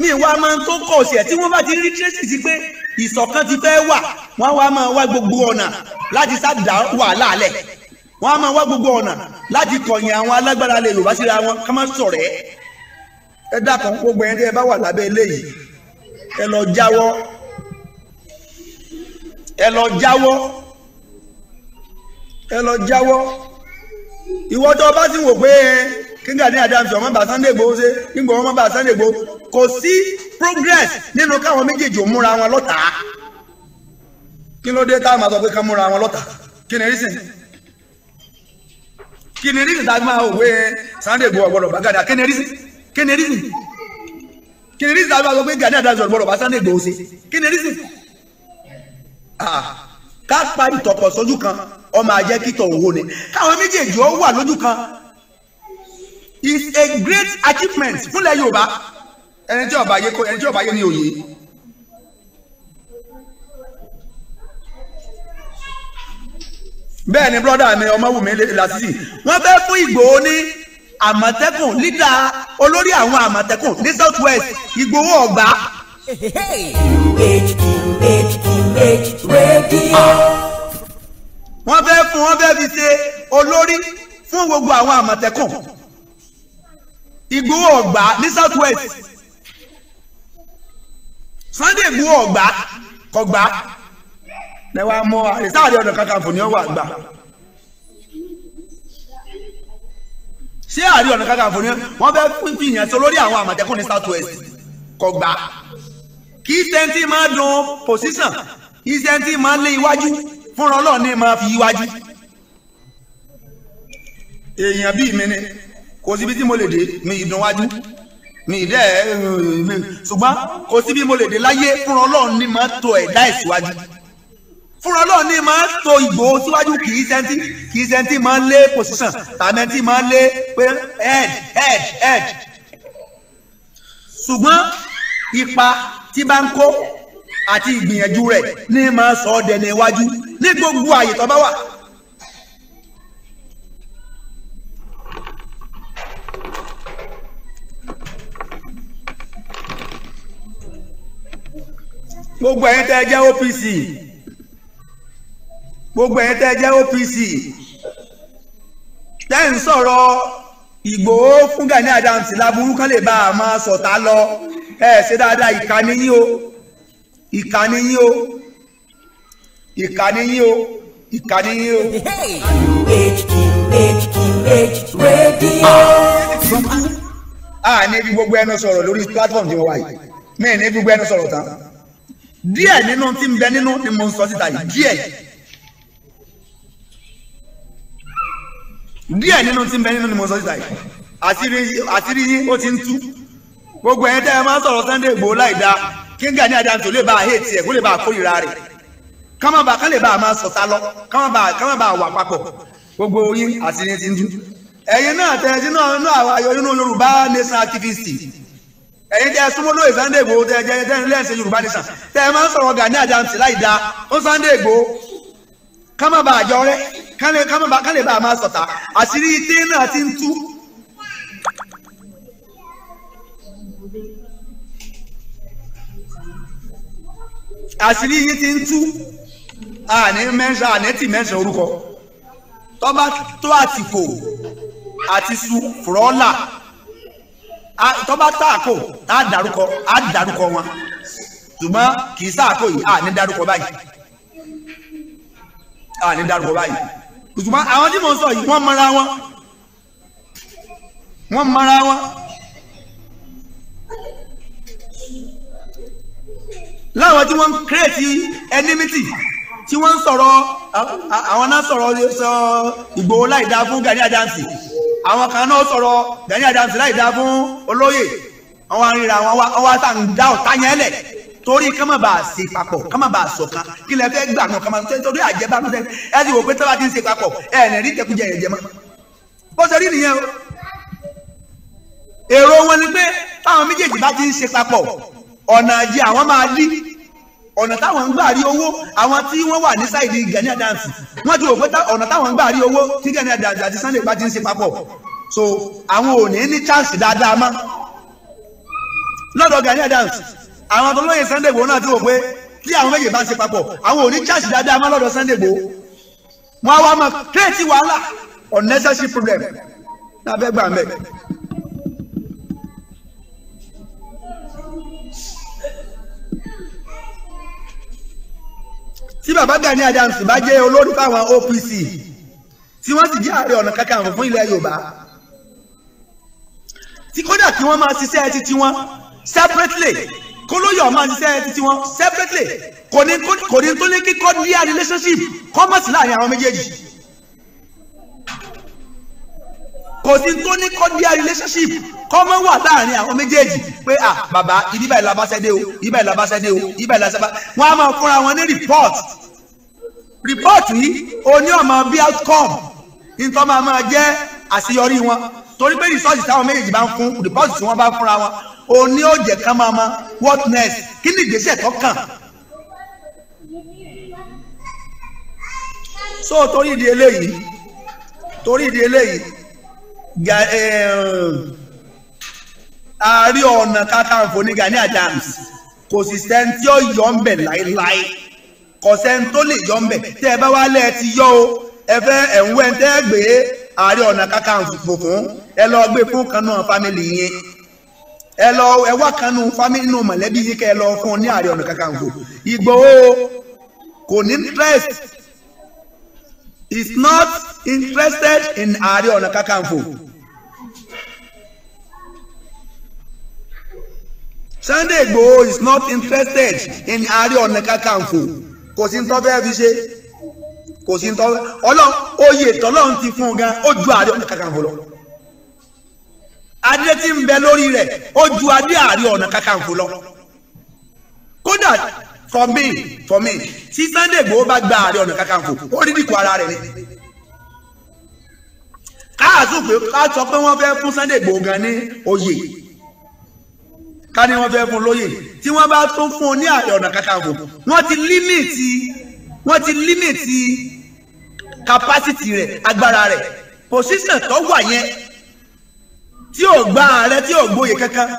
mi wá máa ń tó kọ̀ ọ̀sẹ̀ tí wọ́n bá ti rí tracy sí pé ìṣọ̀kan ti fẹ́ wà wọ́n wá máa wá gbogbo ọ̀nà láti sá dá wàhálà lẹ̀ wọ́n á máa wá gbogbo ọ̀nà láti kọ̀yìn àwọn alágbára ilẹ̀ Yorùbá síra wọn ká má sọ̀rẹ́ ẹ dákun gbogbo ẹni tí ẹ bá wà lábẹ́ eléyìí ẹ lọ jáwọ́ ẹ lọ jáwọ́ ẹ lọ jáwọ́ ìwọ tó bá sì wò pé kíngà ní Adams ọmọ bá Sunday Igboho ṣe kíngà ọmọ bá Sunday Igboho kò sí progress nínú káwọn méjèèjì ò múra wọn lọ́tàá kí ló dé táwọn máa sọ pé ká múra wọn lọ́tàá kí ni reason kí ni reason tàbí òwe Sunday Igboho ọ̀gbọ́dọ̀ bá Gani kí ni reason kí ni reason kí ni reason tàbí máa bá Sunday Igboho ṣe kí ni reason ah, ká sójú kan ó máa jẹ́ òwò ni káwọn méjèèjì ó wà lójú kan is a great achievement fúnlẹ̀ Yorùbá ẹni tí ọba yé ni òye bẹ́ẹ̀ ni brọ́dà mi ọmọwùmí lásìsì wọ́n fẹ́ fún Ìgbòho ní àmọ̀tẹ́kùn lídà olórí àwọn àmọ̀tẹ́kùn ní south west Ìgbòho ọ̀gbà. wọ́n fẹ́ fún wọ́n fẹ́ fi ṣe olórí fún gbogbo àwọn àmọ̀tẹ́kùn Ìgbòho ọ̀gbà ní south west Sunday Ìgbòho ọ̀gbà kọ̀gbà ẹ wá mọ àrísàárì ọ̀nà kakanfò ni ó wà gbà ṣé àrí ọ̀nà kakanfò ni wọ́n fẹ́ fi ìyẹn sọ lórí àwọn àmọ̀tẹ́kùn ní south west kò gbà kí sẹ́ńtì máa dùn position kí sẹ́ńtì máa lé iwájú fúnra ọlọ́run ní máa fi iwájú èèyàn bíi mi ni kò síbi tí mo lè dé mi ìdùnwájú mi ìdẹ́ eh, eh, eh, ṣùgbọ́n kò síbi mo lè dé láyé fúnra ọlọ́run ní máa tó ẹ̀dá ìsíwájú fúnra náà ní máa to Ìgbòho síwájú kì í sẹ́ńtì kì í sẹ́ńtì máa ń lé position tàmẹ́ntì máa lé pé head head head ṣùgbọ́n ipa tí bá ń kó àti ìgbìyànjú rẹ̀ ní máa sọ ọ́ dẹni iwájú ní gbogbo àyè tó bá wà. gbogbo ẹ̀yin tẹ́ ẹ jẹ́ OPC gbogbo ẹ̀yin tẹ́ jẹ́ OPC tẹ́ ń sọ̀rọ̀ Ìgbòho fún Gani Adams láburú kan lè bá a máa sọ̀tá lọ ẹ ṣe dáadáa ìkànnì yín o ìkànnì yín o ìkànnì yín o ìkànnì yín o. Ah! a níbi gbogbo ẹnu sọ̀rọ̀ lórí platform tí wọ́n wà yìí mi níbi gbogbo ẹnu sọ̀rọ̀ tán díẹ̀ nínú tí ń bẹ nínú ni mo ń sọ síta yìí díẹ̀ yìí. díẹ̀ enyi tí ń bẹ nínú ni mo sọ síta yìí ó ti ń tú gbogbo ẹ̀yin tẹ́ ẹ máa sọ̀rọ̀ Sunday Igboho láì dáa kí n Gani Adams lè bá a tiẹ̀ kó lè bá a rẹ̀ lọ wà papọ̀ gbogbo yín àṣírí ti ń tú ẹ̀yin náà tẹ̀ Yorùbá activist ẹ̀yin súnmọ́ lóye Sunday jẹ́ ká má ba jọ rẹ ká lè bàa máa sọ̀tà àṣírí ité náà ti ń tú. àṣírí yìí ti ń tú àní mẹ́ńsà àní tì mẹ́ńsà orúkọ tọ́ba tó àtìkò àti su fúrọ́là tọ́ba tààkò á dárúkọ á dárúkọ wọn ṣùgbọ́n kì í sàkó yìí àní dárúkọ báyìí. a ah, ní dárúkọ báyìí ṣùgbọ́n àwọn tí mò ń sọ yìí wọn mara wọn. láwọn tí wọ́n ń kírètì tí wọ́n ń sọ̀rọ̀ àwọn náà sọ̀rọ̀ sọ Ìgbòho láì dáa fún Gani adansi àwọn kan náà sọ̀rọ̀ Gani adansi láì dáa fún olóyè àwọn arìnrìn àwọn dá ọ̀tá torí kọ́mọ̀ bá a ṣe papọ̀ kọ́mọ̀ bá a sọ̀kan kí lẹ fẹ́ gbà náà kọ́mọ̀ torí àjẹbánu tẹ ẹ ti wò pé tọ́ba ti ń ṣe papọ̀ ẹ ẹ̀ rí tẹkùjẹ yẹn jẹ mọ́ bó ṣe rí nìyẹn o èrò wọn ni pé táwọn méjèèjì bá ti ń ṣe papọ̀ ọ̀nà àjẹ àwọn máa dí ọ̀nà táwọn ń gbà rí owó àwọn tí wọ́n wà ní sáìdì Gani Adams wọ́n ti wò pé ọ̀nà táwọn ń gbà rí owó tí Gani Adams àti Sunday bá ti ń ṣe papọ̀ so àwọn ò ní ní chance dáadáa mọ́ lọ́dọ̀ Gani Adams àwọn tó lóye Sunday Igboho náà ti wò pé kí àwọn méjì bá ṣe papọ̀ àwọn ò ní charge dáadáa má lọ́dọ̀ Sunday Igboho wọn á wá mọ kéètì wàhálà unnecessary problem lábẹ́ gbà mẹ́. tí bàbá Gani Adams bá jẹ́ olórí fáwọn OPC tí wọ́n sì jẹ́ ààrẹ ọ̀nà kakanfò fún ilẹ̀ Yorùbá tí kódà kí wọ́n máa ṣiṣẹ́ títí wọn separately kólóyè ọmọ níṣẹ́ títí wọn separately kò ní kò ní tó ní kíkọ́ díẹ̀ relationship kọ́mọ̀sì láàrin àwọn méjèèjì kò sí tó ní kọ́ díẹ̀ relationship kọ́mọ̀ wà láàrin àwọn méjèèjì pé à ah, bàbá ibi báyìí labásẹ́dé o ibi báyìí labásẹ́dé o ibi báyìí labásẹ́dé wọn a máa fúnra wọn ní report report yìí oní ọmọ bí outcome nítorí máa máa jẹ́ àṣeyọrí wọn torí pé resources táwọn méjèèjì bá ń fún report tí wọ́n bá fúnra wọn o ó jẹ́ ká máa ma what next kí ni ìgbésẹ̀ tó kàn. so torí ìdí eléyìí torí ìdí eléyìí ààrí ehm, ọ̀nà Kakanfò ní Gani Adams kò sì sẹ́ni tí ó yọ ń bẹ̀ láéláé kò sẹ́ni tó lè yọ ń bẹ̀ tẹ́ ẹ bá wá ti yọ o ẹ fẹ́ ẹ̀ ń wẹ́ ń tẹ́ gbé ọ̀nà fún ẹ lọ ẹ wá kanú fámìlì nù mọ̀lẹ́bí yìí kẹ́ ẹ lọ fún un ní Ààrẹ Ọ̀nà Kakanfò Ìgbòho kò ní interest is not interested in Ààrẹ Ọ̀nà Kakanfò. Sunday Igboho is not interested in Ààrẹ Ọ̀nà Kakanfò kò sí ní tọ́fẹ́ fi ṣe kò sí ní tọ́fẹ́ ọlọ́run oyè tọ́lọ́run ti fún un gan ó ju Ààrẹ Ọ̀nà Kakanfò lọ adé tí ń bẹ lórí rẹ̀ ó ju adé Ààrẹ Ọ̀nà Kakanfò lọ kódà for me for me tí Sunday Igboho bá gba Ààrẹ Ọ̀nà Kakanfò ó rí dìkù ara rẹ̀ ni káàsù pé ká sọ pé wọ́n fẹ́ fún Sunday Igboho gan ní oyè ká ní wọ́n fẹ́ fún lóyè tí wọ́n bá tún fún un ní Ààrẹ Ọ̀nà Kakanfò wọ́n ti límìtì wọ́n ti límìtì capacity rẹ̀ agbára rẹ̀ position tó wà yẹn tí ò gba ààrẹ tí ò gboyè kankan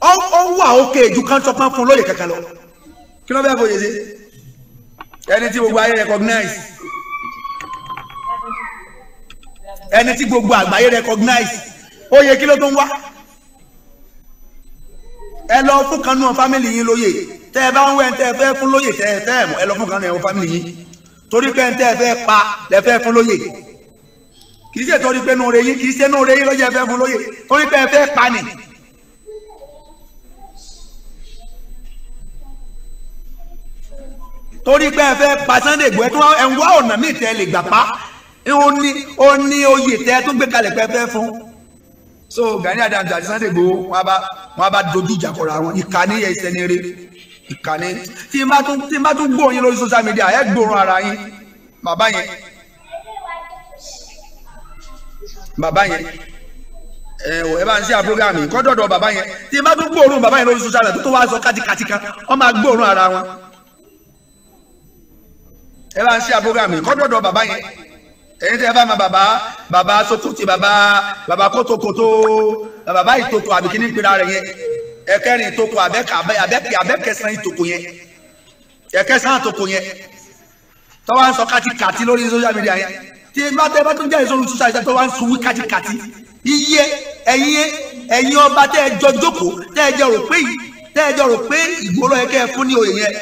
ó wà òkè ju káńtọ́ fún lóyè kankan lọ kí ló bẹ́ẹ̀ fòye sí ẹni tí gbogbo ayé recognize ẹni tí gbogbo àgbáyé recognize oyè kí ló tó ń wá ẹ lọ fún kanú fámìlì yín lóyè tẹ ẹ bá ń wẹ ń tẹ ẹ fẹ́ fún lóyè tẹ ẹ fẹ́ ẹ lọ fún kanú ẹ fámìlì yín torí pé ń tẹ ẹ fẹ́ pa lẹ fẹ́ fún lóyè kì í ṣe torí pé nù reyín kì í ṣe nù reyín lọ́jọ́ ẹ̀fẹ́ fún lóye torí pé ẹ̀fẹ́ pa ni. torí pé ẹ̀fẹ́ pa Sunday Igboho tó ẹ̀wọ́ ọ̀nà míì tẹ́ lè gbà pa ó ní ó ní oyè tẹ́ tó gbé kalẹ̀ pẹ́ẹ́fẹ́ fún so Gani Adams àti Sunday Igboho wọn bá wọn bá dojú ìjà kọra wọn ìkànnì ẹsẹ ní eré ìkànnì tí n bá tún gbóòyìn lórí social media ẹ gbóòrùn ara yín bàbá yẹn bàbá yẹn ẹ bá ń ṣe àpúrógámù yìí kọ́dọ̀dọ̀ bàbá yẹn tí bá tún gbóòórùn bàbá yẹn lórí social media tó tó wá sọ kátikáti kan wọ́n máa gbóòórùn ara wọn. ẹ bá ń ṣe àpúrógámù yìí kọ́dọ̀dọ̀ bàbá yẹn ẹ̀yin tẹ́ ẹ bá ma bàbá bàbá sokoti bàbá bàbá kótókótó bàbá ìtòkò àbíkíní pera rẹ̀ yẹn ẹ̀kẹrin ìtòkò abẹ́kẹsán ìtòkò yẹn ẹ̀kẹsán ìtòkò yẹn tọ́wọ́ ń sọ kátikáti lórí social media yẹn tí ẹ bá tẹ bá tó ń jẹ́ ìsọ̀rọ̀ ṣùṣà ìṣẹ́ tó wá ń sunwó kájíkàtí iye ẹ̀yin ẹ̀yin ọba tẹ́ ẹ jọ jókòó tẹ́ ẹ jọ rò pé tẹ́ ẹ jọ rò pé ìgboro yẹ kẹ́ ẹ fún ní oyè yẹn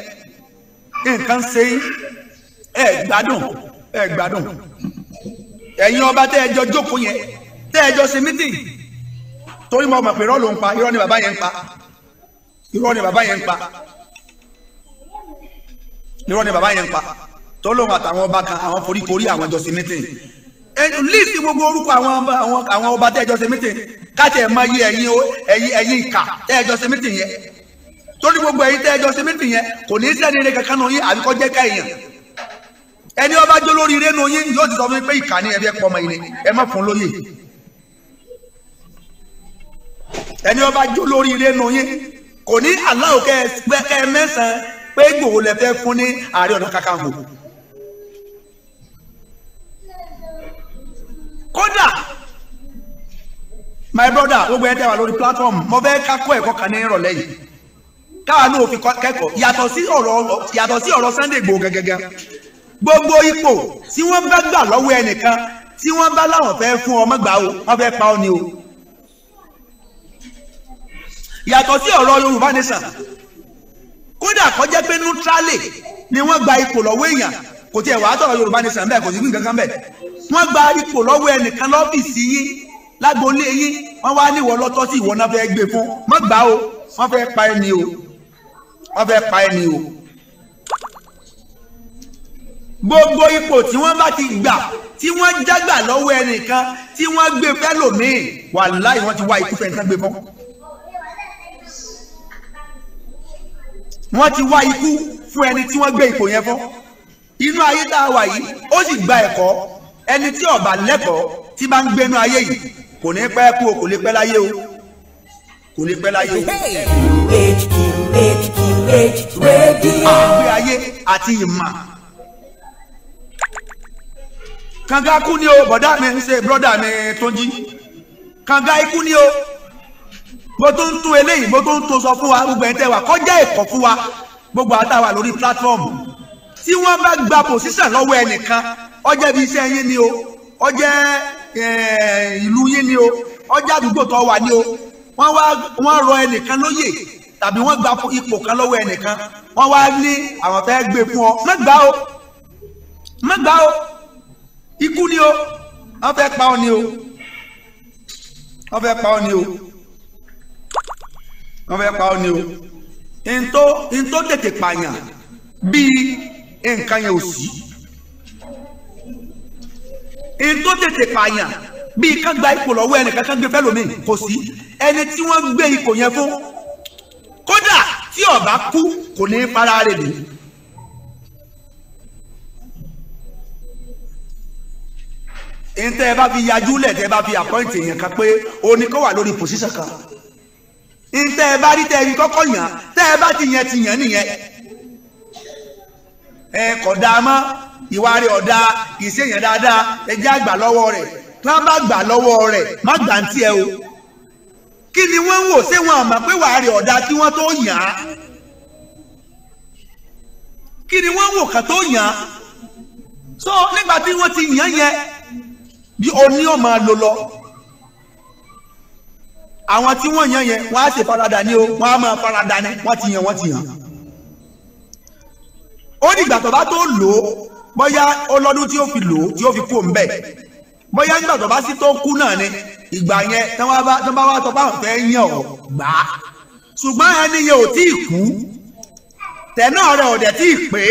nǹkan ṣe ẹ gbádùn ẹ gbádùn ẹ̀yin ọba tẹ́ ẹ jọ jókòó yẹn tẹ́ ẹ jọ ṣe mítìn torí mo mọ̀ pé irọ́ ló ń pa irọ́ ni bàbá yẹn ń pa irọ́ ni bàbá yẹn ń pa irọ́ ni bàbá yẹn ń pa tọ́lọ́run àtàwọn ọba kan àwọn foríkorí àwọn jọ ṣe mítìn líìsì gbogbo orúkọ àwọn àwọn àwọn ọba tẹ́ ẹ jọ ṣe mítìn káàtì ẹ̀ máa yí ẹ̀yin ẹ̀yin ẹ̀yin ìkà tẹ́ ẹ jọ ṣe mítìn yẹn torí gbogbo ẹ̀yin tẹ́ ẹ jọ ṣe mítìn yẹn kò ní í sẹ́ni eré kankan náà yín àbí kọ́ jẹ́ ká èèyàn ẹni ọba jó lórí eré nu yín yóò ti sọ fún mi pé ìkà ni ẹbí ẹ pọ̀ ọmọ yìí ni ẹ má fún lóye ẹni ọba jó lórí eré nu yín kò ní aláwọ̀ kẹ́ ẹ mẹ́sàn-án pé gbòòlẹ̀ fẹ́ fún ní Ààrẹ Ọ̀nà Kakanfò kódà my brother gbogbo ẹ tẹ́ wà lórí platform mo fẹ́ kákó ẹ̀kọ́ kan ní ìrọ̀lẹ́ yìí káwa ní òfin kẹ́kọ̀ọ́ yàtọ̀ sí ọ̀rọ̀ yàtọ̀ sí ọ̀rọ̀ Sunday Igboho gẹ́gẹ́gẹ́ gbogbo ipò tí wọ́n bá gbà lọ́wọ́ ẹnìkan tí wọ́n bá láwọn fẹ́ fún ọmọ gbà o wọ́n fẹ́ pa ọ ni o yàtọ̀ sí ọ̀rọ̀ Yorùbá nation kódà kọjá pé neutrally ni wọ́n gba ipò lọ́wọ́ èèyàn kò tiẹ̀ wàá sọ̀rọ̀ yorùbá ní sàn bẹ́ẹ̀ kò sí fún kankan bẹ́ẹ̀ wọ́n gba ipò lọ́wọ́ ẹnìkan lọ́fíìsì yín lágboolé yín wọ́n wá ní ìwọ lọ́tọ́ sí ìwọ náà fẹ́ gbé fún má gbà o wọ́n fẹ́ pa ẹni o wọ́n fẹ́ pa ẹni o. gbogbo ipò tí wọ́n bá ti gbà tí wọ́n jágbà lọ́wọ́ ẹnìkan tí wọ́n gbé fẹ́lòmíì wàláì wọ́n ti wá ikú fẹ́ nǹkan gbé fún. wọ́n ti wá ikú fún ẹni tí wọ́n gbé ipò yẹn fún inú ayé tá a wà yìí ó sì gba ẹ̀kọ́ ẹni tí ó bá lẹ́kọ̀ọ́ tí bá ń gbénú ayé yìí kò ní pẹ́ kú o kò lè pẹ́ láyé o kò lè pẹ́ láyé o. QH ayé àti ìmọ̀. kànga kú ni o bọ̀dá mi ń ṣe bọ́dà mi tó jí kànga ikú ni o bó tó ń tún eléyìí bó tó ń tún sọ fún wa gbogbo ẹ̀ tẹ́ wa kọjá ẹ̀kọ́ fún wa gbogbo àtàwà lórí pílátífọ́ọ̀mù tí wọ́n bá gba pòsíṣàn lọ́wọ́ ẹnìkan ọjẹ́ bí iṣẹ́ yín ni o ọjẹ́ eh, ìlú yín ni o ọjẹ́ àdúgbò tó wà ni o wọ́n wá wọ́n rọ ẹnìkan lóyè tàbí wọ́n gba ipò kan lọ́wọ́ ẹnìkan wọ́n wá ní àwọn fẹ́ gbé fún ọ má gbà o má gbà o ikú ni o wọ́n fẹ́ pa ọ ni o wọ́n fẹ́ pa ọ ni o wọ́n fẹ́ pa ọ ni o ntó ntó tètè pààyàn bíi nǹkan yẹn ò sí. èyí tó tètè pààyàn bíi ká gba ipò lọ́wọ́ ẹnìkan ká gbé fẹ́ lómi kò sí ẹni tí wọ́n gbé ipò yẹn fún kódà tí ó bá kú kò ní í para rẹ̀ lè. ntẹ́ ẹ bá fi yajú lẹ̀ tẹ́ ẹ bá fi àpọ́ǹtì yẹn kan pé oní kó wà lórí pòsíṣàn kan ntẹ́ ẹ bá rí tẹ́ ẹ rí kọ́kọ́ yàn tẹ́ ẹ bá ti yẹn ti yàn nìyẹn ẹ kọ̀ dáa mọ́ ìwà rẹ̀ ọ̀dà kì í ṣe èèyàn dáadáa ẹ jẹ́ àgbà lọ́wọ́ rẹ̀ tí wọ́n bá gbà lọ́wọ́ rẹ̀ má gbà ń tiẹ̀ o kí ni wọ́n ń wò ṣé wọn àmọ̀ pé ìwà rẹ̀ ọ̀dà kí wọ́n tó yàn án kí ni wọ́n ń wò kàn tó yàn án so nígbà tí wọ́n ti yàn yẹn bí oní ò máa lò lọ àwọn tí wọ́n yàn yẹn wọ́n á ṣe faradà ni o wọ́n á máa faradà ni wọ́n ti yàn wọ́n ti yàn ó dìgbà tó bá tó lò ó bóyá ọlọ́dún tí ó fi lò ó tí ó fi kú òǹbẹ̀ bóyá nígbà tó bá sí tó kú náà ni ìgbà yẹn tó bá wá tó bá ń fẹ́ yàn ọ́ gbà á ṣùgbọ́n ẹni yẹn ò tí ì kú tẹ̀nà rẹ̀ ọ̀dẹ̀ tí ì pé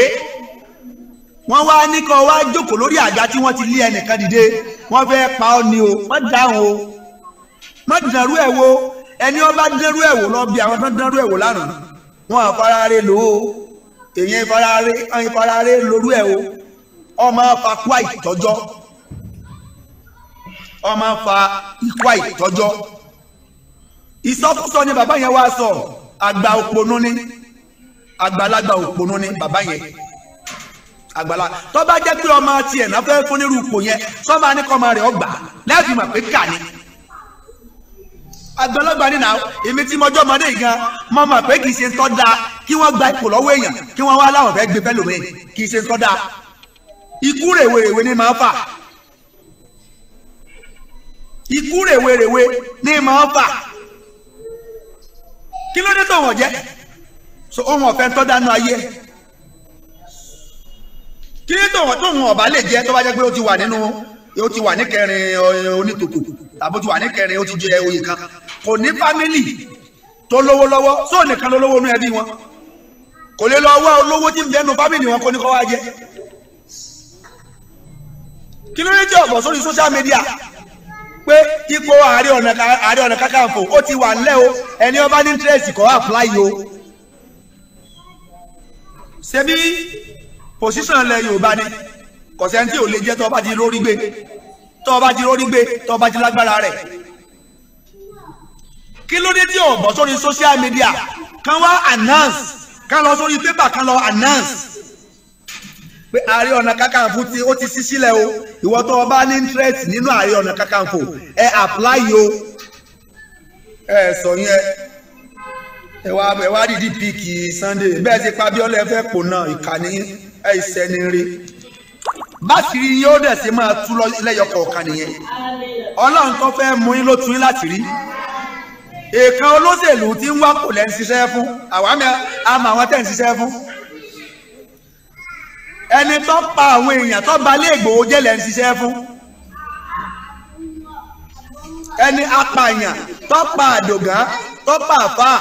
wọ́n wá ní kó wá jókòó lórí àga tí wọ́n ti lé ẹnìkan dìde wọ́n fẹ́ pa ọ́ ni o má dáhùn o má dìnnàrú ẹ̀ wo ẹni ó bá dìnnàrú ẹ̀ lọ bí àwọn tó dìnnàrú ẹ̀ wò lánàá wọn àfárá lò ó èyàn ìfarare ìfarare lorú ẹ o ọmọ afa kwa ìtọ́jọ́ ọmọ afa ìkwa ìtọ́jọ́ ìsọkúsọ ni bàbá yẹn wá sọ àgbà òpònú ni àgbàlagbà òpònú ni bàbá yẹn àgbàlá tó bá jẹ́ pé ọmọ tiẹ̀ náà fẹ́ fún nírú ipò yẹn sọ́ba ní kọ́ ọmọ rẹ̀ ọgbà lẹ́yìn tó mọ̀ pé kà ni àgbàlagbà nínà èmi tí mọjọ́ mọdé yìí gan mọ mọ̀ pé kì í ṣe tọ́ da kí wọ́n gba ipò lọ́wọ́ èèyàn kí wọ́n wá láwọn fẹ́ gbé bẹ́lòmíì kì í ṣe tọ́ da ikú rèwerèwe ni máa fà ikú rèwerèwe ni máa fà kí ló dé tó wọ́n jẹ́ so ohun ọ̀fẹ́ tọ́ dánú ayé kí ló dé tó wọ́n ọ̀bá lè jẹ́ tó bá jẹ́ pé ó ti wà nínú. No ó ti wà ní kẹrin eh, onítòkò tàbí ó ti wà ní kẹrin ó ti jẹ oyè kan kò ní fámìlì tó lówó lọ́wọ́ sóò nìkan ló lówó nú ẹbí wọn kò lè lọ wá olówó tí ń bẹnu fámìlì wọn kó ní kọ́ wá jẹ kí ló dé tí ọ̀bọ̀ sórí social media pé ipò ààrẹ ọ̀nà kakanfò ó ti wà nílẹ̀ o ẹni ó bá ní interest kọ́ apply o ṣebí position ilẹ̀ yorùbá ni kọ̀sẹ́ tí ò lè jẹ́ tó bá ti rórí gbé tó bá ti rórí gbé tó bá ti lágbára rẹ̀ kí ló dé tí ò bọ́ sórí social media kán wá announce kán lọ sórí paper kán lọ announce pé ààrẹ ọ̀nà kakanfò tí ó ti ṣí sílẹ̀ o ìwọ tó o bá ní interest nínú ààrẹ ọ̀nà kakanfò ẹ apply o ẹ sọ yẹn ẹ wá ẹ wá dìdí píìkì Sunday bẹ́ẹ̀ ti pa Abíọ́lá ẹ fẹ́ pò náà ìkànnì ẹ ìsẹ́ni báṣìírí yín ó dẹ̀ sí máa tú lẹ́yọ kọ̀ọ̀kan nìyẹn ọlọ́run tó fẹ́ mú yín ló tú yín láti rí èèkan olóṣèlú tí ń wá kò lẹ́ ń ṣiṣẹ́ fún àwámi àmọ́ àwọn tẹ̀ ń ṣiṣẹ́ fún ẹni tó pa àwọn èèyàn tó ba lé Ìgbòho jẹ́ lẹ́ ń ṣiṣẹ́ fún ẹni apààyàn tó pa àdògán tó pa àfáà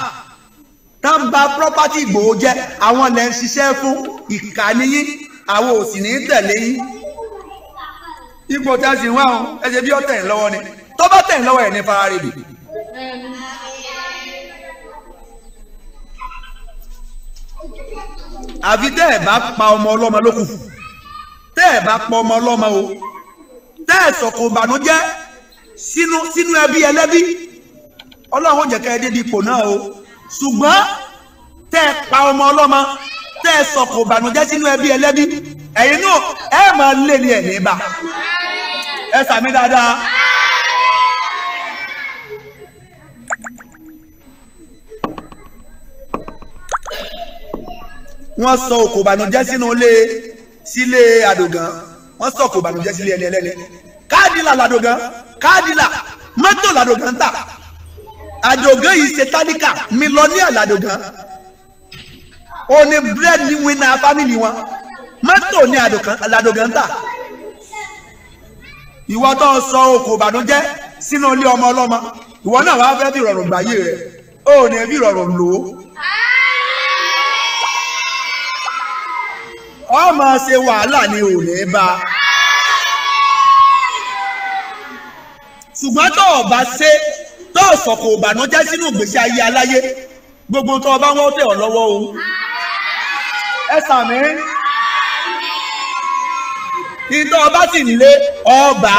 tó ń ba property Ìgbòho jẹ́ àwọn lẹ́ ń ṣiṣẹ́ fún ìkànnì yín àwọn ò sì ní tẹ̀lé yín ipò tí a sì ń wá wọn ẹ ṣe bí ó tẹ̀ ń lọ́wọ́ ni tó bá tẹ̀ ń lọ́wọ́ ẹ̀ ní fararebì. àfi tẹ́ ẹ̀ bá pa ọmọ ọlọ́mọ lókù tẹ́ ẹ̀ bá pa ọmọ ọlọ́mọ o tẹ́ ẹ̀ sọ̀kò ìbànújẹ́ sínú sínú ẹbí ẹlẹ́bí ọlọ́run jẹ́ ká ẹ débi ipò náà o ṣùgbọ́n tẹ́ ẹ pa ọmọ ọlọ́mọ tẹ́ ẹ sọ̀kò ìbànújẹ́ sínú ẹbí ẹlẹ́bí ẹ̀yin náà ẹ máa lé ní ẹ̀yìn bá ẹ sàmì dáadáa. wọ́n sọ òkò ìbànújẹ́ sínú ilé sílé àdògán wọ́n sọ òkò ìbànújẹ́ sílé ẹni ẹlẹ́ni káàdìlà làdògán káàdìlà mọ́tò làdògán tà àdògán yìí ṣe tálíkà mílíọ̀nì àlàdògán o ni búrẹ́dì wínà fámìlì wọn mọ́tò ni àdògán tà ìwọ tó ń sọ okò ìbànújẹ́ sínú ilé ọmọ ọlọ́mọ ìwọ náà wàá fẹ́ bí ìrọ̀rùn gbàyè rẹ̀ ó ní bí ìrọ̀rùn lò ó. ọmọ ṣe wàhálà ni ò ní bá a. ṣùgbọ́n tó o bá ṣe tó o sọ̀kò ìbànújẹ́ sínú ìgbésí ayé aláyé gbogbo tó o bá wọ́n tẹ̀ ọ́ lọ́wọ́ o. ẹ sàmì. ìtọ́ ọba sì nílé ọba.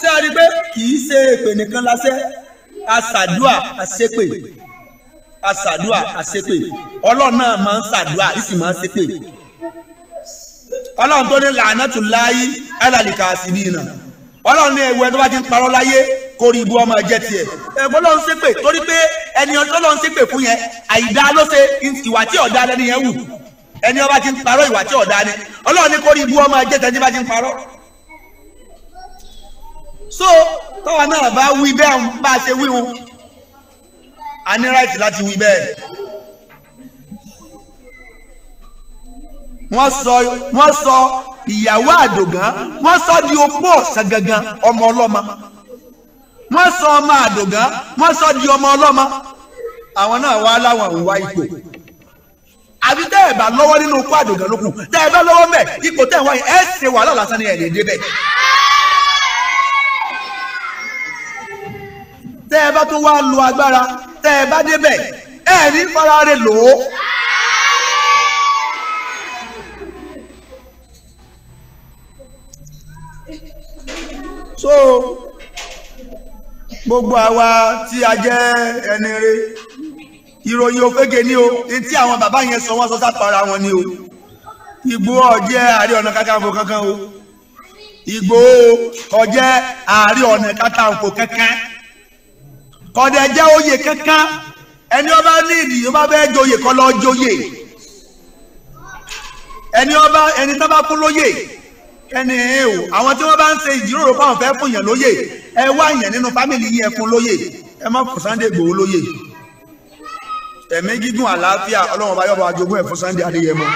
ṣé a rí i pé kì í ṣe èpè nìkan lásẹ̀ àṣàdúà àṣepè àṣàdúà àṣepè ọlọ́run náà máa ń ṣàdúà ìsì máa ń ṣépè ọlọ́run tó ní làánà tún láyé alàlìkà àṣìbí náà ọlọ́run ní ewu ẹ tó bá ti ń parọ́ láyé kórí ibú ọmọ ẹjẹ tiẹ̀. ẹ̀gbọ́n ló ń ṣépè torí pé ẹni ọjọ́ ló ń fún yẹn àìdá ló ṣe ìwà tí ọ̀dá lẹ́ni yẹn wù ẹni ọba ti ń parọ́ ìwà tí ọ̀dá ní ibú ọmọ ẹjẹ so tọ́wọ́ náà bá wí bẹ́ẹ̀ bá a ṣe wí wọn a ní láti wọ́n sọ wọ́n sọ ìyàwó àdògán wọ́n sọ di opó ọ̀sán gangan ọmọ ọlọ́mọ. wọ́n sọ ọmọ àdògán wọ́n sọ di ọmọ ọlọ́mọ àwọn náà wá láwọn ò wá ipò àbí tẹ́ ẹ̀ bá lọ́wọ́ nínú ikú àdògán ló kù tẹ́ ẹ bá lọ́wọ́ mẹ́ ipò tẹ́ ẹ wáyé ẹ̀ ṣe wàhálà lásán ni ẹ̀ lè dé bẹ́ẹ̀ tẹ́ ẹ bá tún wá lu agbára tẹ́ ẹ bá débẹ̀ ẹ ní fara rẹ lò ó. so gbogbo àwa tí a jẹ́ ẹni rẹ ìròyìn òfégè ni o etí àwọn bàbá yẹn sọ wọ́n sọ sápara wọn ni o Ìgbòho ọ̀jẹ́ Ààrẹ Ọ̀nà Kakanfò kankan o Ìgbòho ọ̀jẹ́ Ààrẹ Ọ̀nà Kakanfò kankan kọ̀dẹ̀ jẹ́ oyè kankan ẹni ọba ní ìdí ọba bẹ́ẹ̀ joyè kọ́ lọ́ọ́ joyè ẹni ọba ẹni tó kú lóyè ẹni ẹ o àwọn tí wọ́n bá ń ṣe ìjíròrò fáwọn fẹ́ fún yàn lóyè ẹ wá yàn nínú fámìlì yín ẹ fún lóyè ẹ má fún Sunday Igboho lóyè ẹ̀mí gígùn àlàáfíà Ọlọ́run bá yọ̀bọ̀ àjogún ẹ̀ fún Sunday Adéyẹmọ.